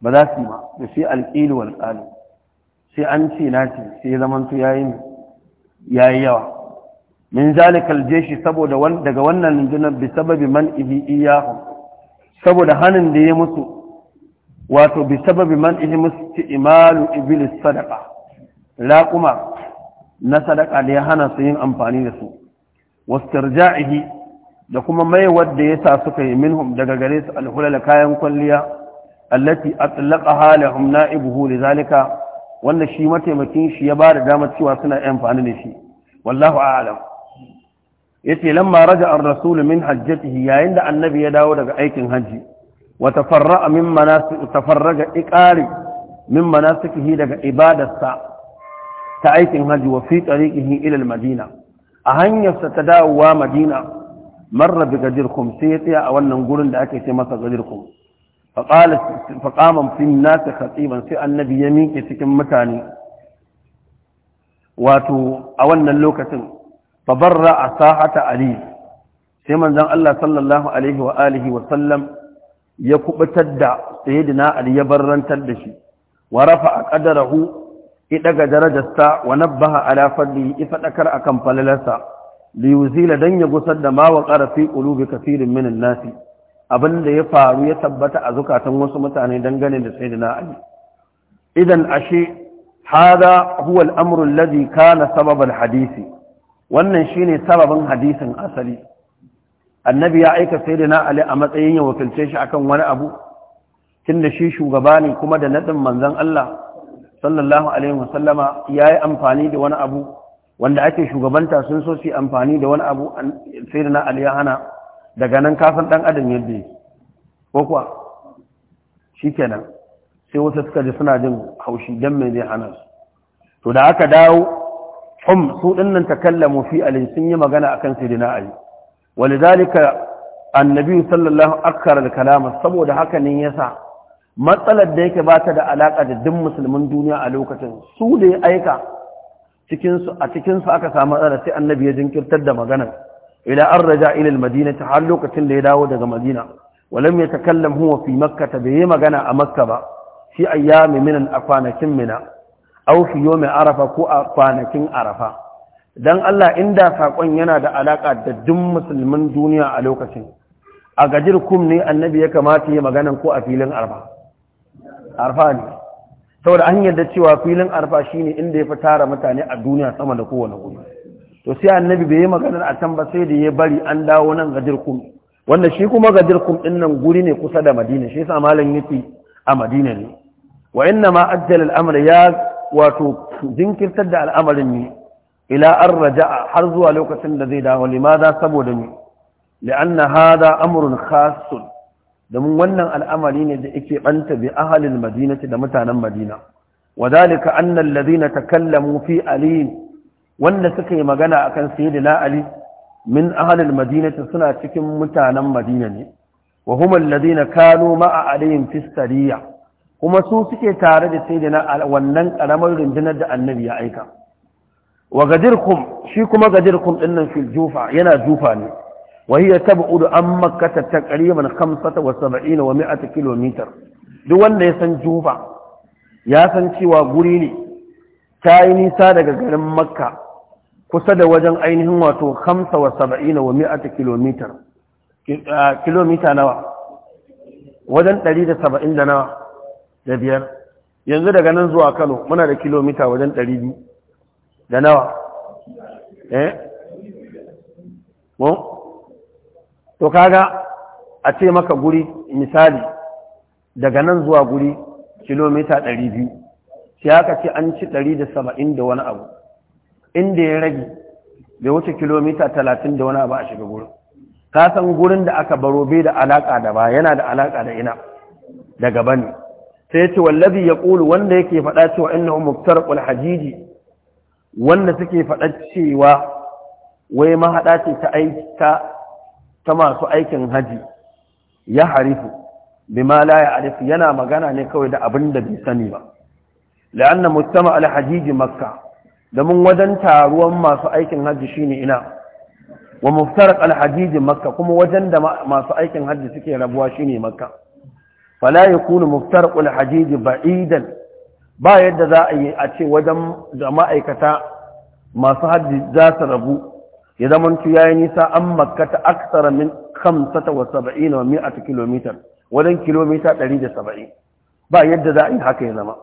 Speaker 1: ba za su yi ba da sai alƙilu wal ƙalu sai an ce na ce sai zaman su yayi yi yawa min zalikal jeshi saboda daga wannan rundunar bi sababi man ibi iyahu saboda hannun da ya musu wato bi sababi man ibi musu imalu ibilis sadaka. raƙuma na sadaka da ya hana su yin amfani da su wastarja'ihi da kuma mai wadda ya sa suka yi minhum daga gare su alhulal kayan kwalliya allati atlaqaha lahum na'ibuhu lidhalika wanda shi mataimakin shi ya ba da damar cewa suna amfani da shi wallahu a'lam yace lamma raja ar-rasul min hajjatihi yayin da annabi ya dawo daga aikin haji wa tafarra'a min manasik tafarraga iqari min manasikihi daga ibadarsa ta aikin hajji wa fi tariqihi ila madina a hanyarsa ta dawowa madina marra bi sai ya tsaya a wannan gurin da ake ce masa gadir kum fa qama fi nasi khatiban sai annabi ya miƙe cikin mutane wato a wannan lokacin fa a sahata ali sai manzon Allah sallallahu alaihi wa alihi wa sallam ya kubutar da dina ali ya barrantar da shi wa rafa ƙadarahu. ya daga darajarsa wa nabbaha ala fadlihi ifadakar akan falalarsa li yuzila dan ya gusar da ma wa qarafi qulubi kaseerin min an-nas abinda ya faru ya tabbata a zukatan wasu mutane dangane da sayyidina ali idan ashe hada huwa al-amru alladhi kana sabab al-hadisi wannan shine sababin hadisin asali annabi ya aika sayyidina ali a matsayin ya wakilce shi akan wani abu tunda shi shugaba ne kuma da nadin manzon Allah sallallahu alaihi wasallama ya yi amfani da wani abu wanda ake shugabanta sun so su amfani da wani abu sai na aliyahana daga nan kafin dan adam yadda ko kuwa shi kenan sai wasu suka ji suna jin haushi don mai zai hana su to da aka dawo hum su ɗinnan ta kallamu fi sun yi magana akan sai da na ali walidalika annabi sallallahu akkar kalama saboda haka ne yasa matsalar da yake ba ta da alaƙa da duk musulmin duniya a lokacin su da ya aika cikinsu a cikinsu aka samu matsala sai annabi ya jinkirtar da maganar ila an raja ilil madina ta har lokacin da ya dawo daga madina walam ya takallam huwa fi makka ta bai yi magana a makka ba fi ayyami min a kwanakin mina au fi yomi arafa ko a kwanakin arafa dan Allah inda saƙon yana da alaƙa da duk musulmin duniya a lokacin a gajir kum ne annabi ya kamata ya magana ko a filin arafa arfa ne saboda an yadda cewa filin arfa shine inda ya fi tara mutane a duniya sama da kowane guri to sai annabi bai yi magana a can ba sai da ya bari an dawo nan gadir kum wanda shi kuma gadir kum din nan guri ne kusa da madina shi yasa malam yafi a madina ne wa inna ma ajjala al-amr ya wato jinkirtar da al'amarin ne ila an raja'a har zuwa lokacin da zai dawo limaza saboda ne li'anna hada amrun khassun domin wannan al'amari ne da yake banta bi ahalil madinati da mutanen madina wadalika annan ladina takallamu fi ali wanda suka yi magana akan sayyidina ali min ahalil madinati suna cikin mutanen madina ne wa huma alladhina kanu ma'a alayhim fi kuma su suke tare da sayyidina wannan karamar rundunar da annabi ya aika wa shi kuma gadirkum dinnan fil jufa yana jufa ne وهي تبعد عن مكة تقريبا خمسة وسبعين ومائة كيلو متر duk wanda ya san juba ya san cewa guri ne ta yi nisa daga garin makka kusa da wajen ainihin wato hamsa wa saba'ina wa mi'ata kilomitar kilomita nawa wajen ɗari da saba'in da nawa da biyar yanzu daga nan zuwa kano muna da kilomita wajen ɗari biyu da nawa eh? to kaga a ce maka guri misali daga nan zuwa guri kilomita 200 sai aka ce an ci 170 da wani abu inda ya rage bai wuce kilomita 30 da wani abu a shiga gurin ka san gurin da aka baro bai da alaka da ba yana da alaka da ina daga bane sai ce wallazi ya ƙulu wanda yake faɗa cewa innahu muftarqul hajiji wanda suke faɗa cewa wai mahaɗa ce ta aiki ta ta masu aikin haji ya harifu bima la ya yana magana ne kawai da abin da bai sani ba la'anna mustama alhajiji makka mun wajen taruwan masu aikin haji shine ina wa muftaraq alhajiji makka kuma wajen da masu aikin haji suke rabuwa shine makka fala yakunu muftaraq alhajiji ba'idan ba yadda za a yi a ce wajen da ma'aikata masu haji za su rabu ya zamantu ya yi nisa an makata ta aksara min kamsata wa saba'in wa mi'ata kilomitar wajen kilomita ɗari da saba'in ba yadda za a yi haka ya zama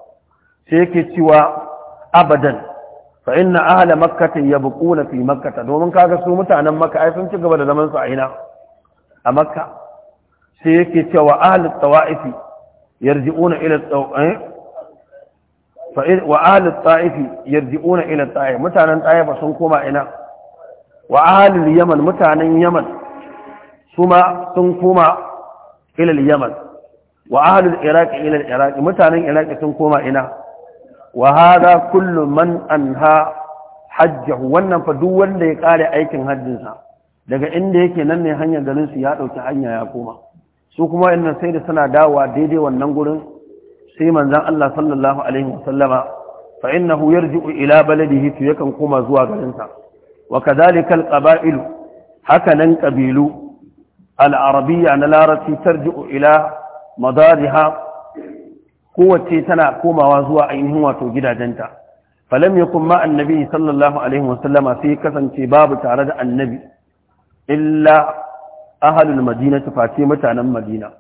Speaker 1: sai yake cewa abadan fa inna ahla makkata yabquna fi makkata domin kaga su mutanen makka ai sun ci gaba da zaman su a ina a makka sai yake cewa ahli tawaifi yarji'una ila tawaifi eh? wa ahli tawaifi yarji'una ila tawaifi mutanen tawaifa sun koma ina wa ahalil yaman mutanen yaman su ma sun koma ilil yaman wa ahalil iraki ilal iraki mutanen iraki sun koma ina wa hada kullum man ha hajjahu wannan fa duk wanda ya kare aikin hajjinsa daga inda yake nan ne hanyar garin su ya dauki hanya ya koma su kuma inna sai da suna dawowa daidai wannan gurin sai manzon Allah sallallahu alaihi wasallama fa innahu yarji'u ila baladihi to yakan koma zuwa garinsa wa kadhalika al-qaba'il haka nan qabilu al-arabiyya na larabci tarji'u ila madariha kowacce tana komawa zuwa ainihin wato gidajenta falam yakun annabi sallallahu alaihi wasallama sai kasance babu tare da annabi illa ahlul madinati face mutanen madina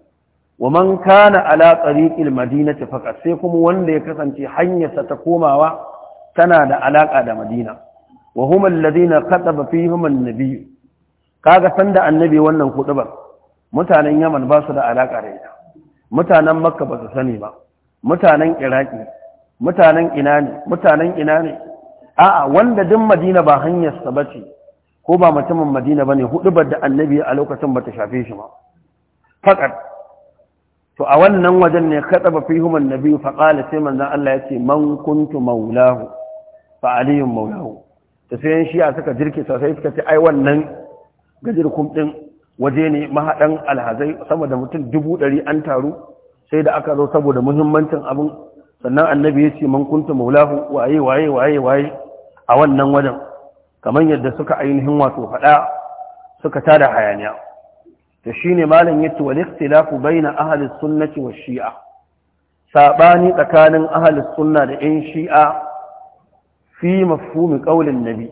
Speaker 1: wa man kana ala tariqil madinati faqat sai kuma wanda ya kasance hanyarsa ta komawa tana da alaka da madina wa Ladina alladhina khataba fihim an-nabi kaga sanda annabi wannan kudubar mutanen Yaman ba su da alaka da ita mutanen Makka ba su sani ba mutanen Iraki mutanen ina ne mutanen ina ne a'a wanda din Madina ba hanyar sa bace ko ba mutumin Madina bane hudubar da annabi a lokacin bata shafe shi ba fakat to a wannan wajen ne kataba fihim an-nabi qala sai manzon Allah yace man kuntu maulahu fa aliyun maulahu da sai yan shiya suka jirkita sosai suka ce ai wannan gajirkum kumɗin waje ne mahaɗan alhazai sama da mutum dubu ɗari an taru sai da aka zo saboda muhimmancin abin sannan annabi ya ce man kuntu maulahu waye waye waye waye a wannan wajen kamar yadda suka ainihin wato faɗa suka tada hayaniya to shine malam yace wal ikhtilafu baina ahli sunnati wa shi'a Saɓani tsakanin ahalis sunna da yan shi'a fi mafhumi qaulin nabi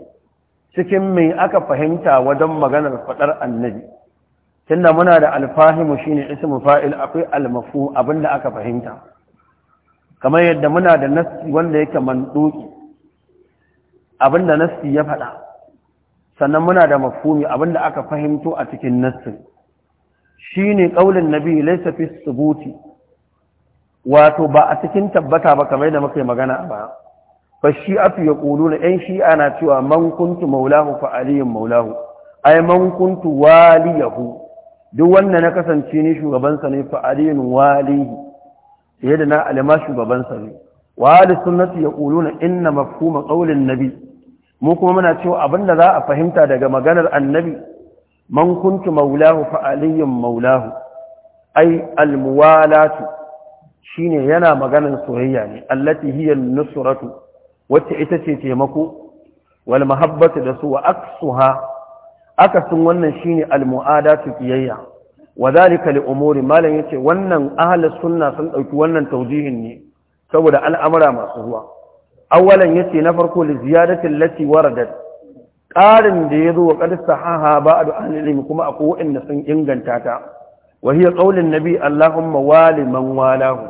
Speaker 1: cikin mai aka fahimta wajen maganar fadar annabi tunda muna da alfahimu shine ismu fa'il akwai almafu abinda aka fahimta kamar yadda muna da nassi wanda yake manduki abinda nassi ya faɗa sannan muna da mafhumi abinda aka fahimto a cikin nassin shine qaulin nabi laysa fi subuti wato ba a cikin tabbata ba kamar yadda muke magana a baya fa shi'atu ƙuluna, 'yan shi'a na cewa man kuntu maulahu fa aliyun maulahu ai man kuntu waliyahu duk wanda na kasance ni shugabansa ne fa aliyun walihi da na alima shugabansa ne wa ahli sunnati yaquluna inna mafhuma qawlin nabi mu kuma muna cewa abinda za a fahimta daga maganar annabi man kuntu maulahu fa aliyun maulahu ai almuwalatu shine yana maganar soyayya ne allati hiya nusratu wacce ita ce taimako wal mahabbatu da su wa aksuha akasin wannan shine al mu'adatu qiyayya wadhalika li umuri malan yace wannan ahlus sunna sun dauki wannan tawjihin ne saboda al'amura masu zuwa awwalan yace na farko li ziyadati allati waradat qarin da yazo wa qad sahaha ba'du ahli ilmi kuma akwai wanda sun inganta ta wa hiya qaulun nabi allahumma wali man walahu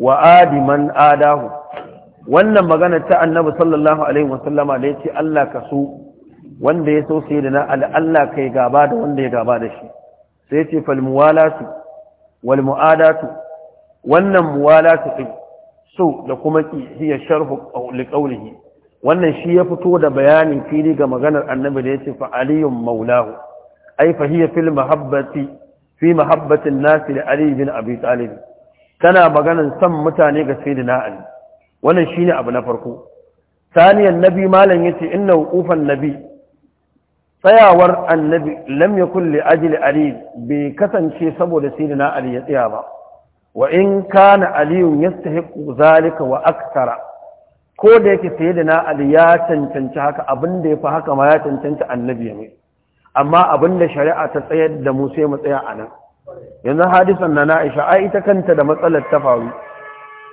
Speaker 1: wa adi man adahu wannan magana ta annabi sallallahu alaihi wasallama da ya ce Allah ka so wanda ya so sai da na Allah kai gaba da wanda ya gaba da shi sai yace fal muwalatu wal muadatu wannan muwalatu din so da kuma ki hiya sharhu li qawlihi wannan shi ya fito da bayanin fili ga maganar annabi da ya ce fa aliyum maulahu ai fa hiya fil mahabbati fi mahabbati an-nas li ali bin abi talib tana maganar san mutane ga sayyidina ali wannan shine abu na farko saniyan nabi malam ya ce inna wuqufan nabi tsayawar annabi lam ya kulle ajili ali bai kasance saboda sayyidina ali ya tsaya ba wa in kana aliyun yastahiqu zalika wa akthara ko da yake na ali ya cancanci haka abin da yafi haka ma ya cancanci annabi ne amma abin da shari'a ta tsayar da mu sai mu tsaya anan yanzu hadisan na Aisha ai ita kanta da matsalar ta faru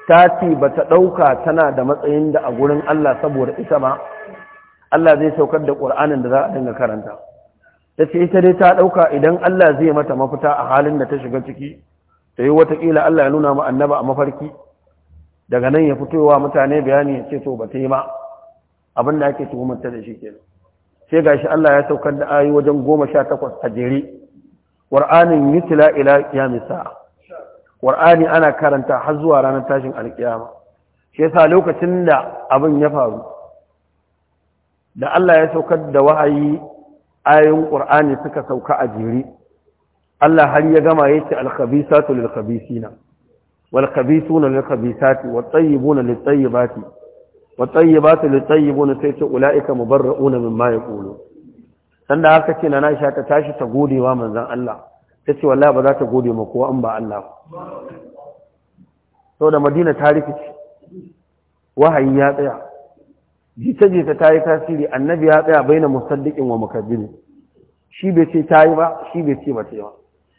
Speaker 1: tati ba ta ɗauka tana da matsayin da a gurin Allah saboda ita ba Allah zai saukar da ƙur'anin da za a dinga karanta ta ce ita dai ta ɗauka idan Allah zai mata mafita a halin da ta shiga ciki ta yi watakila Allah ya nuna ma annaba a mafarki daga nan ya fitowa mutane bayani ya ce to ba ta yi ba abin da ake tuhumarta da shi kenan sai gashi Allah ya saukar da ayi wajen goma sha takwas a jere ƙur'anin yutila ila ya ƙwar'ani ana karanta har zuwa ranar tashin alƙiyama shi yasa lokacin da abin ya faru da Allah ya saukar da wahayi ayoyin ƙwar'ani suka sauka a jere Allah har ya gama ya ce alkhabisatu lil khabisina wal khabisuna lil khabisati wat tayyibuna lit tayyibati wat tayyibatu lit tayyibuna sai ce ulaika mubarra'una mimma yaqulu dan da haka ce na na ta tashi ta godewa manzon Allah ta ce wallahi ba za ta gode ma kowa an ba Allah sau da madina ta rikici wahayi ya tsaya jita-jita ta yi tasiri annabi ya tsaya bai na musaddiƙin wa makaddini shi bai ce ta yi ba shi bai ce ba ta yi ba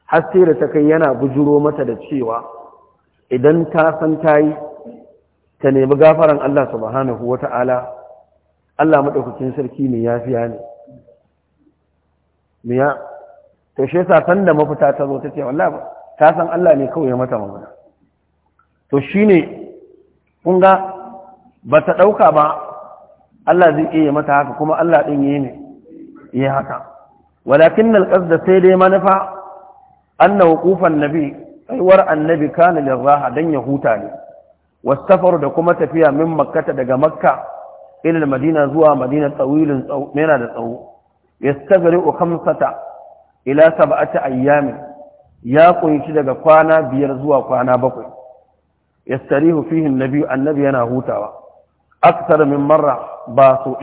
Speaker 1: har da ta kai yana bujuro mata da cewa idan ta san ta yi ta nemi gafaran Allah subhanahu wa ta'ala Allah maɗaukacin sarki mai yafiya ne to shi yasa san da mafita ta zo ta ce wallahi ta san Allah ne kawai ya mata magana to shine kun ga ba ta dauka ba Allah zai iya mata haka kuma Allah din yi ne yayi haka walakin alqasd sai dai manufa anna wuqufan nabi aiwar annabi kana lirraha dan ya huta ne wasafar da kuma tafiya min makkata daga makka ila madina zuwa madina tsawilin tsawo yana da tsawo yastagri'u khamsata ila sab'ati ayyamin ya kunshi daga kwana biyar zuwa kwana bakwai yastarihu fihi annabi annabi yana hutawa aksar min marra ba su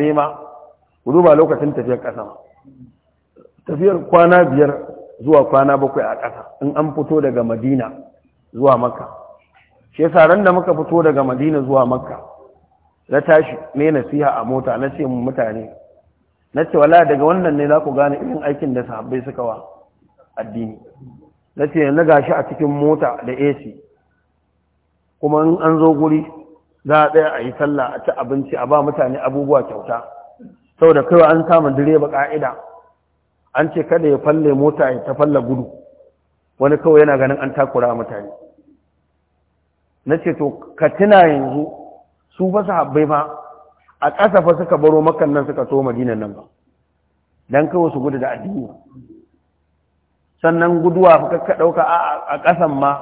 Speaker 1: ku duba lokacin tafiyar ƙasa tafiyar kwana biyar zuwa kwana bakwai a ƙasa in an fito daga madina zuwa makka she saran da muka fito daga madina zuwa makka na tashi ne nasiha a mota na ce mutane na ce wala daga wannan ne za ku gane irin aikin da sahabbai suka wa addini na ce yanzu gashi a cikin mota da AC kuma in an zo guri za a tsaya a yi sallah a ci abinci a ba mutane abubuwa kyauta saboda kawai an samu direba ka'ida an ce kada ya falle mota ya ta falla gudu wani kawai yana ganin an takura mutane na ce to ka tuna yanzu su ba sahabbai ba a ƙasa fa suka baro makan nan suka so madinan nan ba dan kawai su gudu da addini sannan guduwa fa ka ɗauka a ƙasan ma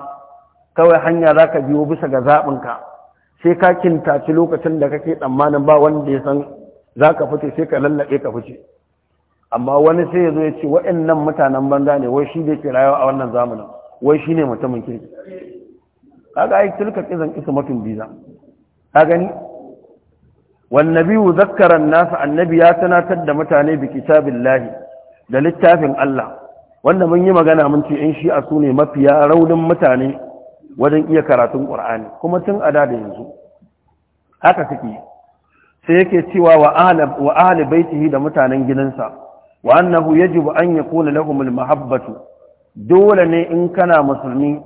Speaker 1: kawai hanya za ka biyo bisa ga ka. sai ka kintaci lokacin da kake tsammanin ba wanda ya san za ka fice sai ka lallaɓe ka fice amma wani sai ya zo ya ce waɗannan mutanen banza ne wai shi da ke rayuwa a wannan zamanin wai shi ne mutumin kirki kaga ai tilka kizan mafin biza ka gani wan nabiyu zakkara an-nas annabi ya tanatar da mutane bi da littafin Allah wanda mun yi magana mun ce in shi a sune mafiya raunin mutane wajen iya karatun Qur'ani kuma tun ada da yanzu haka suke sai yake cewa wa ahlab wa ahli baitihi da mutanen gidansa wa annahu yajibu an yakuna lahum al-mahabbatu dole ne in kana musulmi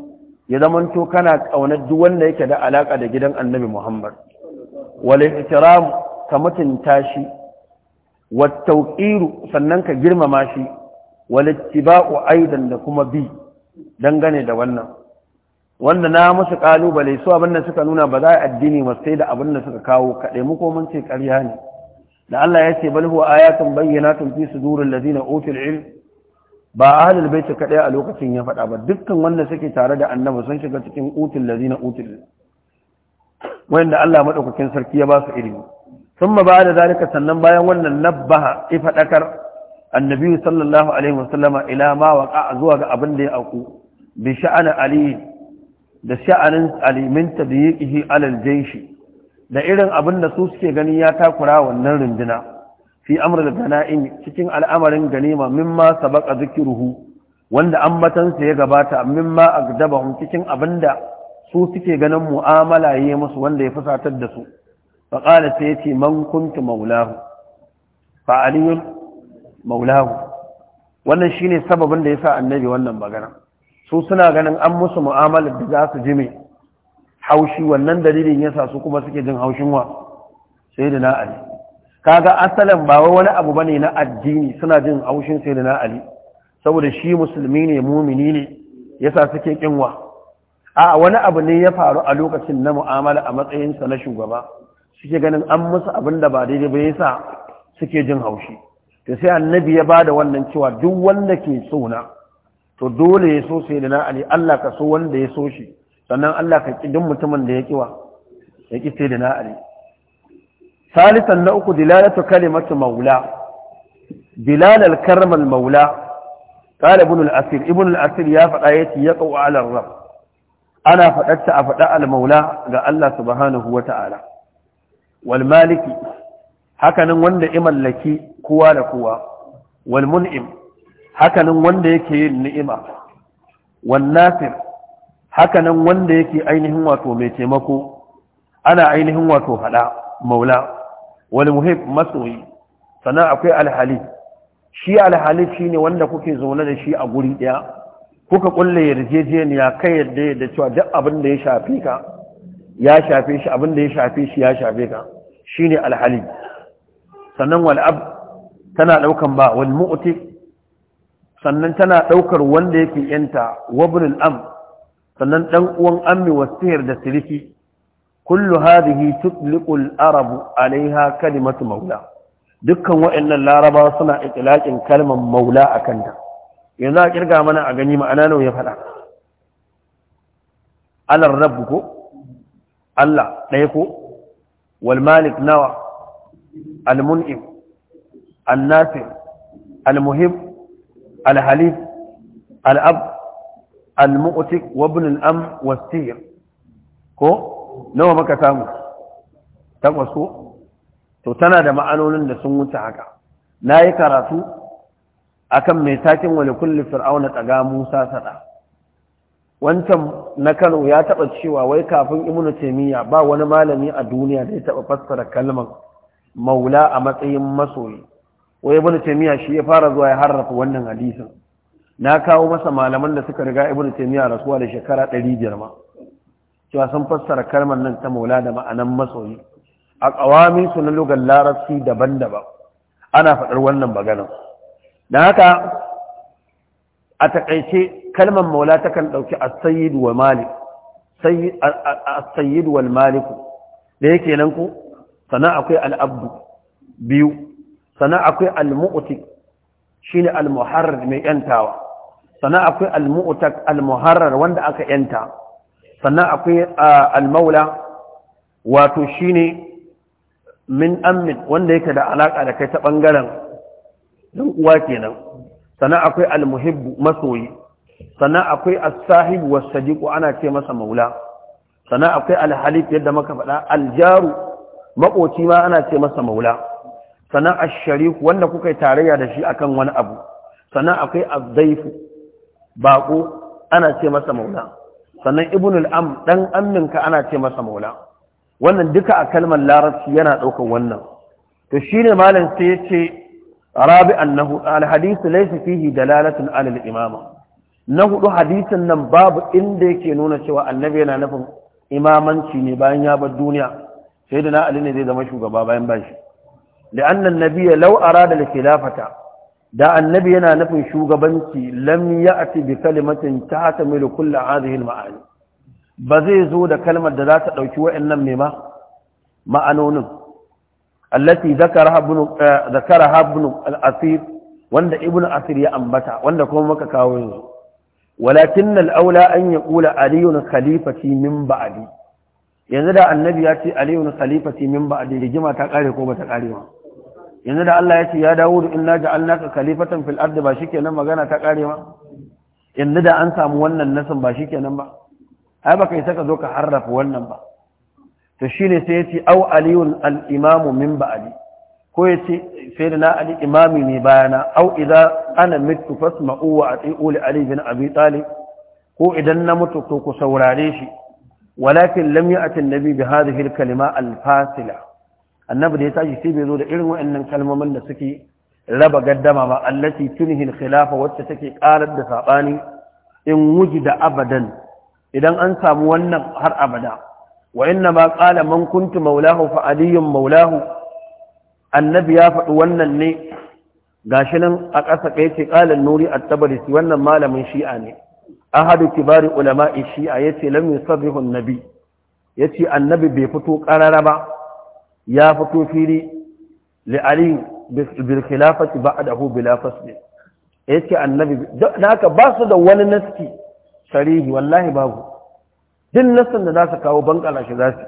Speaker 1: ya zamanto kana kaunar duk wanda yake da alaka da gidan Annabi Muhammad wal ihtiram ka mutunta shi wat tawqiru sannan ka girmama shi wal ittiba'u aidan da kuma bi dangane da wannan wanda na musu kalubale su abin da suka nuna ba za a addini ba sai da abin da suka kawo kaɗai mu ko mun ce ƙarya ne da Allah ya ce bal huwa ayatun bayyinatun fi suduril ladina utul ilm ba ahlul bait kaɗai a lokacin ya faɗa ba dukkan wanda suke tare da annabi sun shiga cikin utul ladina utul wanda Allah madaukakin sarki ya ba su ilimi ba da zalika sannan bayan wannan nabbaha ifaɗakar annabi sallallahu alaihi wasallama ila ma waqa zuwa ga abin da ya auku bi sha'ana ali da sha'anin ali min tadyiqihi alal jayshi da irin abin da su suke gani ya takura wannan runduna fi amr al-ganaim cikin al'amarin ganima mimma sabaqa zikruhu wanda ambatansa ya gabata mimma agdabahum cikin da. su suke ganin mu'amala yi musu wanda ya fusatar da su qala sai yace ce man kuntu maulahu fa'aliyun maulahu wannan shine sababin da ya annabi wannan magana su suna ganin an musu mu'amalar da za su ji mai haushi wannan dalilin ya sa su kuma suke jin haushin wa sayyidina ali kaga asalin ba wani abu bane na addini suna jin haushin sayyidina ali saboda shi musulmi ne mumini ne yasa suke kinwa a wani abu ne ya faru a lokacin na mu'amala a matsayinsa na shugaba suke ganin an musu abin da ba daidai ba yasa suke jin haushi da sai annabi ya bada wannan cewa duk wanda ke so na to dole ya so sai da na ali Allah ka so wanda ya so shi sannan Allah ka ki duk mutumin da ya kiwa ya ki sai da na ali salisan na uku dilalatu kalimatu maula dilal al-karmal maula qala ibn al-asir ibn al-asir ya faɗa yace yaqau ala rabb ana faɗarta a faɗa almaula maula ga Allah subhanahu wa ta'ala Walmaliki, hakanan wanda ya mallaki kowa da kowa Walmun'im, mun'im hakanan wanda yake yin ni'ima wan nasir hakanan wanda yake ainihin wato mai taimako ana ainihin wato haɗa, maula wal masoyi sannan akwai alhali shi alhali shine wanda kuke zaune da shi a guri ɗaya kuka kulle yarjejeniya kai yadda yadda cewa duk abin da ya shafi ka ya shafe shi abin da ya shafe shi ya shafe ka shine alhali sannan wal ab tana daukan ba wal mu'ti sannan tana daukar wanda yake yanta wabnul am sannan dan uwan ammi wasihir da siriki kullu hadhihi tutliqu al arab alaiha kalimatu maula dukkan wa'annan larabawa suna itlaqin kalmar maula akanta yanzu a kirga mana a gani ma'ana nawa ya faɗa alar rabbu ko Allah ɗaya ko Walmalik nawa Almun'im? mun'im Almuhim? nasir Al'ab? Almu'utik? al am wasir ko nawa muka samu takwas ko to tana da ma'anonin da sun wuce haka nayi karatu akan mai sakin wani kulli fir'auna tsaga musa sada wancan na kano ya taba cewa wai kafin ibnu taymiya ba wani malami a duniya da ya taba fassara kalmar maula a matsayin masoyi wai ibnu shi ya fara zuwa ya harrafa wannan hadisin na kawo masa malaman da suka riga ibnu taymiya rasuwa da shekara ɗari ma cewa sun fassara kalmar nan ta maula da ma'anan masoyi a kawamin su na lugan larabci daban-daban ana faɗar wannan maganar da haka a taƙaice kalmar maula takan ɗauki asayid wa malik Sayyid wal maliku da yake nan ku sana akwai al'abdu biyu sana akwai al-mu'ti shine al mai yantawa sana akwai al-mu'tak al wanda aka yanta sana akwai al-maula wato shine min amin wanda yake da alaka da kai ta bangaren dan uwa kenan sannan akwai almuhibbu masoyi sannan akwai as-sahibu was sadiq ana ce masa maula sannan akwai al-halif yadda muka faɗa al-jaru makoci ma ana ce masa maula sannan ash-sharif wanda kuka yi tarayya da shi akan wani abu sannan akwai az baƙo bako ana ce masa maula sannan ibnul am dan amminka ana ce masa maula wannan duka a kalmar larabci yana ɗaukar wannan to shine malam sai ya ce rabi annahu alhadith laysa fihi dalalatun ala al-imama na hudu hadisin nan babu inda yake nuna cewa annabi yana nufin imamanci ne bayan ya bar duniya sai da na ali ne zai zama shugaba bayan ban shi da annan nabi ya lau arada da khilafata da annabi yana nufin shugabanci lam ya'ti bi kalimatin tahtamilu kull hadhihi al-ma'ani ba zai zo da kalmar da zata ɗauki dauki wa'annan me ma ma'anonin allati zakaraha ibn zakaraha ibn al-asir wanda ibn asir ya ambata wanda kuma muka kawo yanzu walakin al-aula an yaqula aliyun khalifati min yanzu da annabi ya ce Aliyu, aliyun khalifati min ba'di rigima ta kare ko bata kare ba yanzu da Allah ya ce ya dawo in na inna ka khalifatan fil ardi ba shikenan magana ta kare ma yanzu da an samu wannan nasin ba shikenan ba ai baka yi saka zo ka harrafa wannan ba to shine sai yace au aliyul al-imamu min ba'di ko ya ce sai na ali imami ne bayana au idza ana mitu fasma'u wa ati'u li ali bin abi talib ko idan na mutu to ku saurare shi walakin lam ya'ti har nabi bi hadhihi al-kalima al-fasila annabi da ya tashi sai bai zo da irin waɗannan kalmomin da suke raba gaddama ba allati tunhi al-khilafa wacce take karar da sabani in wujida abadan idan an samu wannan har abada wa inna ma qala kuntu maulahu fa aliyun maulahu annabi ya faɗi wannan ne gashi nan a ƙasa kai ce qalan nuri at-tabarisi wannan malamin shi'a ne ahadu kibari ulama'i shi'a yace lam yusabbihu an-nabi yace annabi bai fito ƙarara ba ya fito fili li ali bil khilafati ba'dahu bila fasl yace annabi naka ba su da wani naski sarihi wallahi babu duk nassan da za su kawo bankala shi za su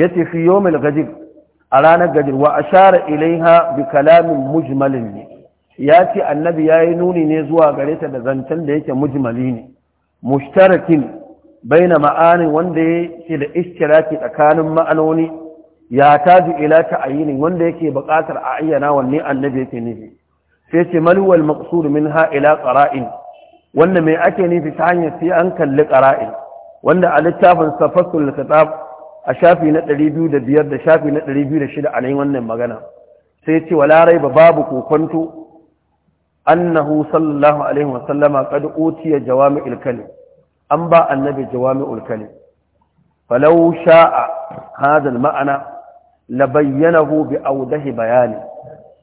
Speaker 1: ya ce fi yawmil gajib a ranar gajir wa share ilaiha bi kalamin mujmalin ne ya ce annabi ya yi nuni ne zuwa gare ta da zancen da yake mujmali ne mushtarakin baina ma'anin wanda yake da ke tsakanin ma'anoni ya ilata ila ta'ayinin wanda yake buƙatar a ayyana wanne annabi yake nufi sai ce malwal min ha ila ƙara'in. wanda mai ake nufi ta hanyar sai an kalli ƙara'in? wanda a littafin safasul kitab a shafi na 205 da shafi na 206 a nan wannan magana sai ce wa Larai ba babu kokonto annahu sallallahu alaihi wasallama qad utiya jawami'ul kalim an ba annabi jawami'ul kalim falau sha'a hadha al-ma'ana labayyanahu bi awdahi bayani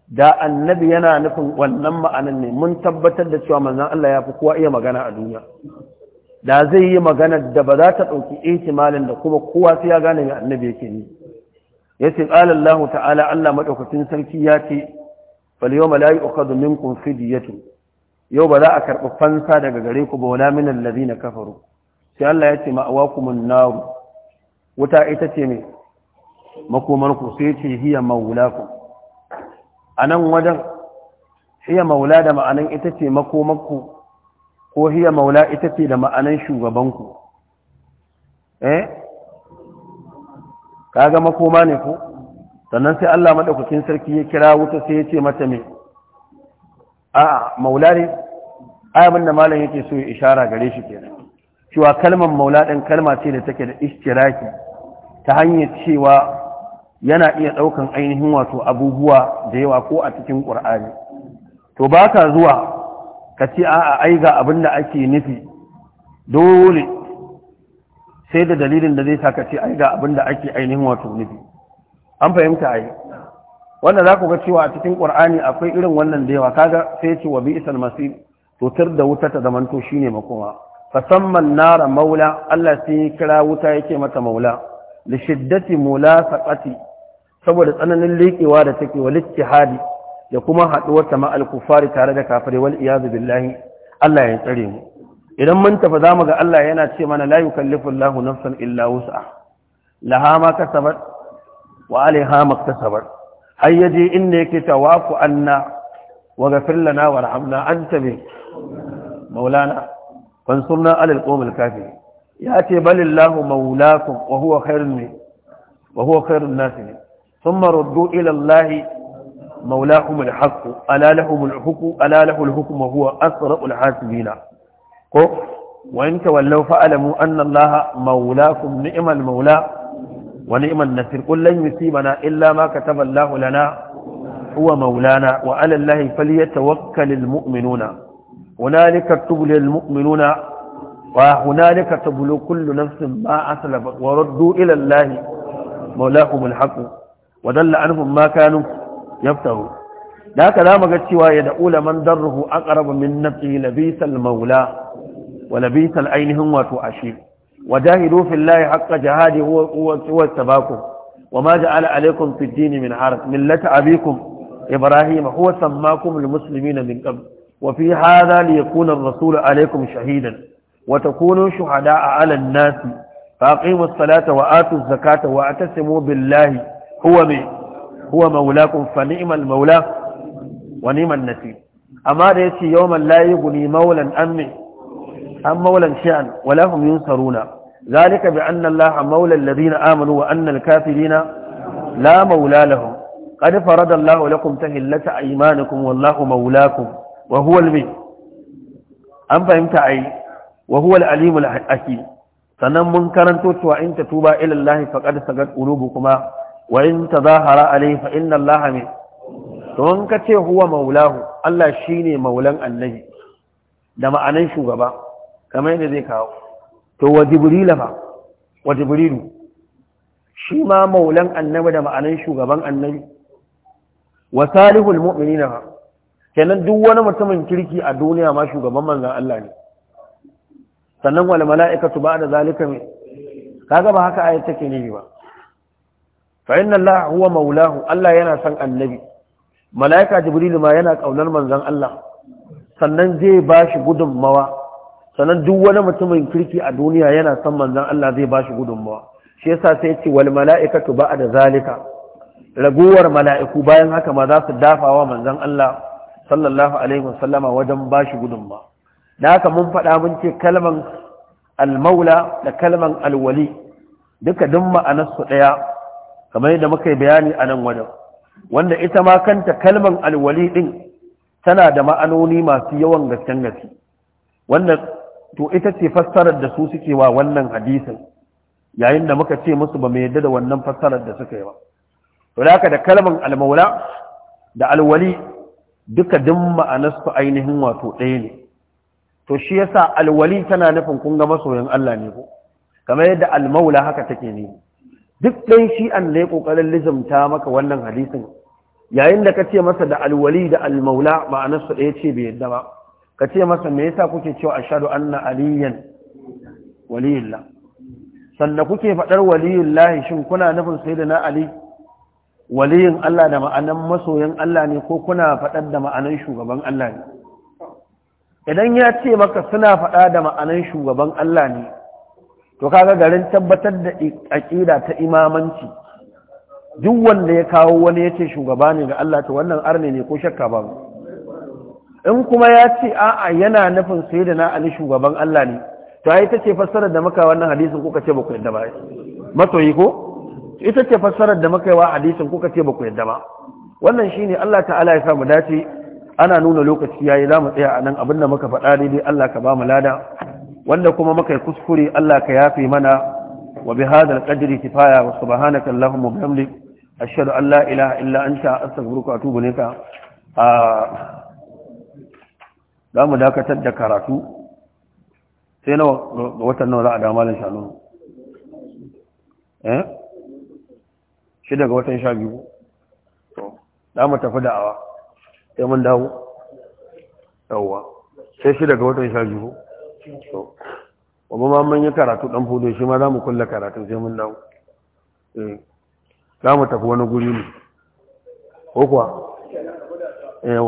Speaker 1: da annabi yana nufin wannan ma'anan ne mun tabbatar da cewa manzon Allah ya fi kowa iya magana a duniya da zai yi magana da ba za ta ɗauki ihtimalin da kuma kowa sai ya gane ga annabi yake ni Ya ce, Allah ta'ala Allah maɗaukacin sarki ya ce fal yawma la yu'khadhu minkum fidyatun yau ba za a karɓi fansa daga gare ku ba wala min alladhina kafaru sai Allah ya ce ma'awakumun nar wuta ita ce ne? makomar ku sai ce hiya A anan wajen hiya maula da ma'anan ita ce makomarku ko hiya maula ita ce da ma'anan shugabanku eh kaga makoma ne ko sannan sai Allah madaukakin sarki ya kira wuta sai ya ce mata me a maula ne abin da malam yake so ya ishara gare shi kenan cewa kalmar maula din kalma ce da take da ishtiraki ta hanyar cewa yana iya ɗaukan ainihin wato abubuwa da yawa ko a cikin ƙur'ani to ba ka zuwa ka ce a'a ai ga abin da ake nufi dole sai da dalilin da zai sa ka ce ai ga abin da ake ainihin wato nufi an fahimta ai wanda za ku ga cewa a cikin Ƙur'ani akwai irin wannan da yawa kaga sai ce wa bi isal masir to da wuta ta zamanto shine makoma fasamman nara maula Allah sai kira wuta yake mata maula li shiddati mulasaqati saboda tsananin liƙewa da take wa littihadi da kuma haɗuwar ta ma'al kufari tare da kafare wal iyazu billahi Allah ya tsare mu idan mun tafi zamu ga Allah yana ce mana la yukallifu Allahu nafsan illa wus'a laha ma kasabat wa alaiha ma kasabat har yaje inda yake tawafu anna wa ghafir lana warhamna anta bi maulana fansurna alal qawmil kafirin ya ce balillahu maulakum wa huwa khairun wa huwa khairun nas thumma ruddu ila Allahi maulahum alhaq ala lahum alhukm ala lahu alhukm wa huwa asra'ul hasibina ko wa in tawallaw fa'lamu anna allaha maulakum ni'mal maula wa ni'man nasir qul lan yusibana illa ma kataba allahu lana huwa maulana wa ala allahi falyatawakkalul mu'minuna hunalika tubulul mu'minuna wa hunalika tubulu kullu nafsin ma ودل عنهم ما كانوا yaftaru da haka za mu ga cewa ya da ula man darruhu a ƙarabu min nafi labisal maula wa labisal ainihin wato ashe wa jahidu fil lahi haqqa jahadi huwa huwa huwa sabaku wa ma ja'ala alaykum fi dini min harat millata abikum ibrahim huwa sammakum lil muslimina min qabl wa fi hadha li yakuna ar-rasul alaykum shahidan wa takunu shuhada'a 'ala an-nas fa aqimu as-salata wa atu az-zakata wa billahi huwa bi huwa maulakum fa ni'mal maula wa ni'man nasir amma da yace yawman la yughni maulan ammi am maulan sha'an wa lahum yunsaruna zalika bi anna allaha maula alladhina amanu wa anna al-kafirina la maula lahum قد فرض الله لكم تهلة أيمانكم والله مولاكم وهو المي أم فهمت أي وهو العليم الحكيم sannan mun karanto cewa in ta tuba ilallahi faqad sagat qulubukuma wa in tazahara alayhi fa inna allaha min to ka ce huwa maulahu Allah shi ne maulan annabi da ma'anan shugaba kamar yadda zai kawo to wa jibrila fa wa jibrilu shi ma maulan annabi da ma'anan shugaban annabi wa salihul mu'minina fa kenan duk wani mutumin kirki a duniya ma shugaban manzan Allah ne sannan wal mala'ikatu ba'da zalika me kaga ba haka ayat take ne ba fa inna Allah huwa maulahu Allah yana son annabi malaika jibril ma yana ƙaunar manzan Allah sannan zai bashi gudunmawa sannan duk wani mutumin kirki a duniya yana son manzon Allah zai bashi gudunmawa shi yasa sai ce wal mala'ikatu ba'da zalika raguwar mala'iku bayan haka ma za su dafawa manzon Allah sallallahu alaihi wasallama wajen bashi gudunmawa da haka mun faɗa mun ce kalman almaula da kalman alwali duka duk su ɗaya kamar yadda muka yi bayani a nan wajen wanda ita ma kanta kalman alwali ɗin tana da ma'anoni masu yawan gasken gaske wanda to ita ce fassarar da su suke wa wannan hadisin yayin da muka ce musu ba mai yadda da wannan fassarar da suka yi ba to da da kalman almaula da alwali duka din ma'anarsu ainihin wato ɗaya ne to shi yasa alwali tana nufin kun ga masoyin Allah ne ko kamar yadda almaula haka take ne duk ɗan shi'an da ya ƙoƙarin lizamta maka wannan hadisin yayin da ka ce masa da alwali da almaula ma'anarsu ɗaya ce bai yadda ba ka ce masa me yasa kuke cewa ashadu anna aliyan waliyullah sannan kuke faɗar waliyullah shin kuna nufin sai da na ali waliyin Allah da ma'anan masoyan Allah ne ko kuna faɗar da ma'anan shugaban Allah ne idan ya ce maka suna faɗa da ma'anan shugaban Allah ne to kaga garin tabbatar da aqida ta imamanci duk wanda ya kawo wani ya ce shugaba ne ga Allah to wannan arne ne ko shakka ba in kuma ya ce a'a yana nufin sai da na ali shugaban Allah ne to ai ita ce fassarar da muka wannan hadisin kuka ce ba ku yadda ba matoyi ko ita ce fassarar da muka yi wa hadisin kuka ce ba ku yadda ba wannan shine Allah ta'ala ya sa mu dace ana nuna lokaci yayi za mu tsaya a nan abinda muka faɗa daidai Allah ka ba mu lada wanda kuma muka yi kuskure Allah ka yafe mana wa bi hadal qadri kifaya wa subhanaka allahumma wa bihamdik ashhadu an la ilaha illa anta astaghfiruka wa atubu ilayka ah, za mu dakatar da karatu sai na watan nawa za a dama da shanu eh shi daga watan sha biyu to za mu tafi da'awa sai mun dawo yawwa sai shi daga watan sha biyu kuma ma mun yi karatu ɗan fudo shi ma za mu kulla karatu sai mun dawo eh, za mu tafi wani guri ne ko kuwa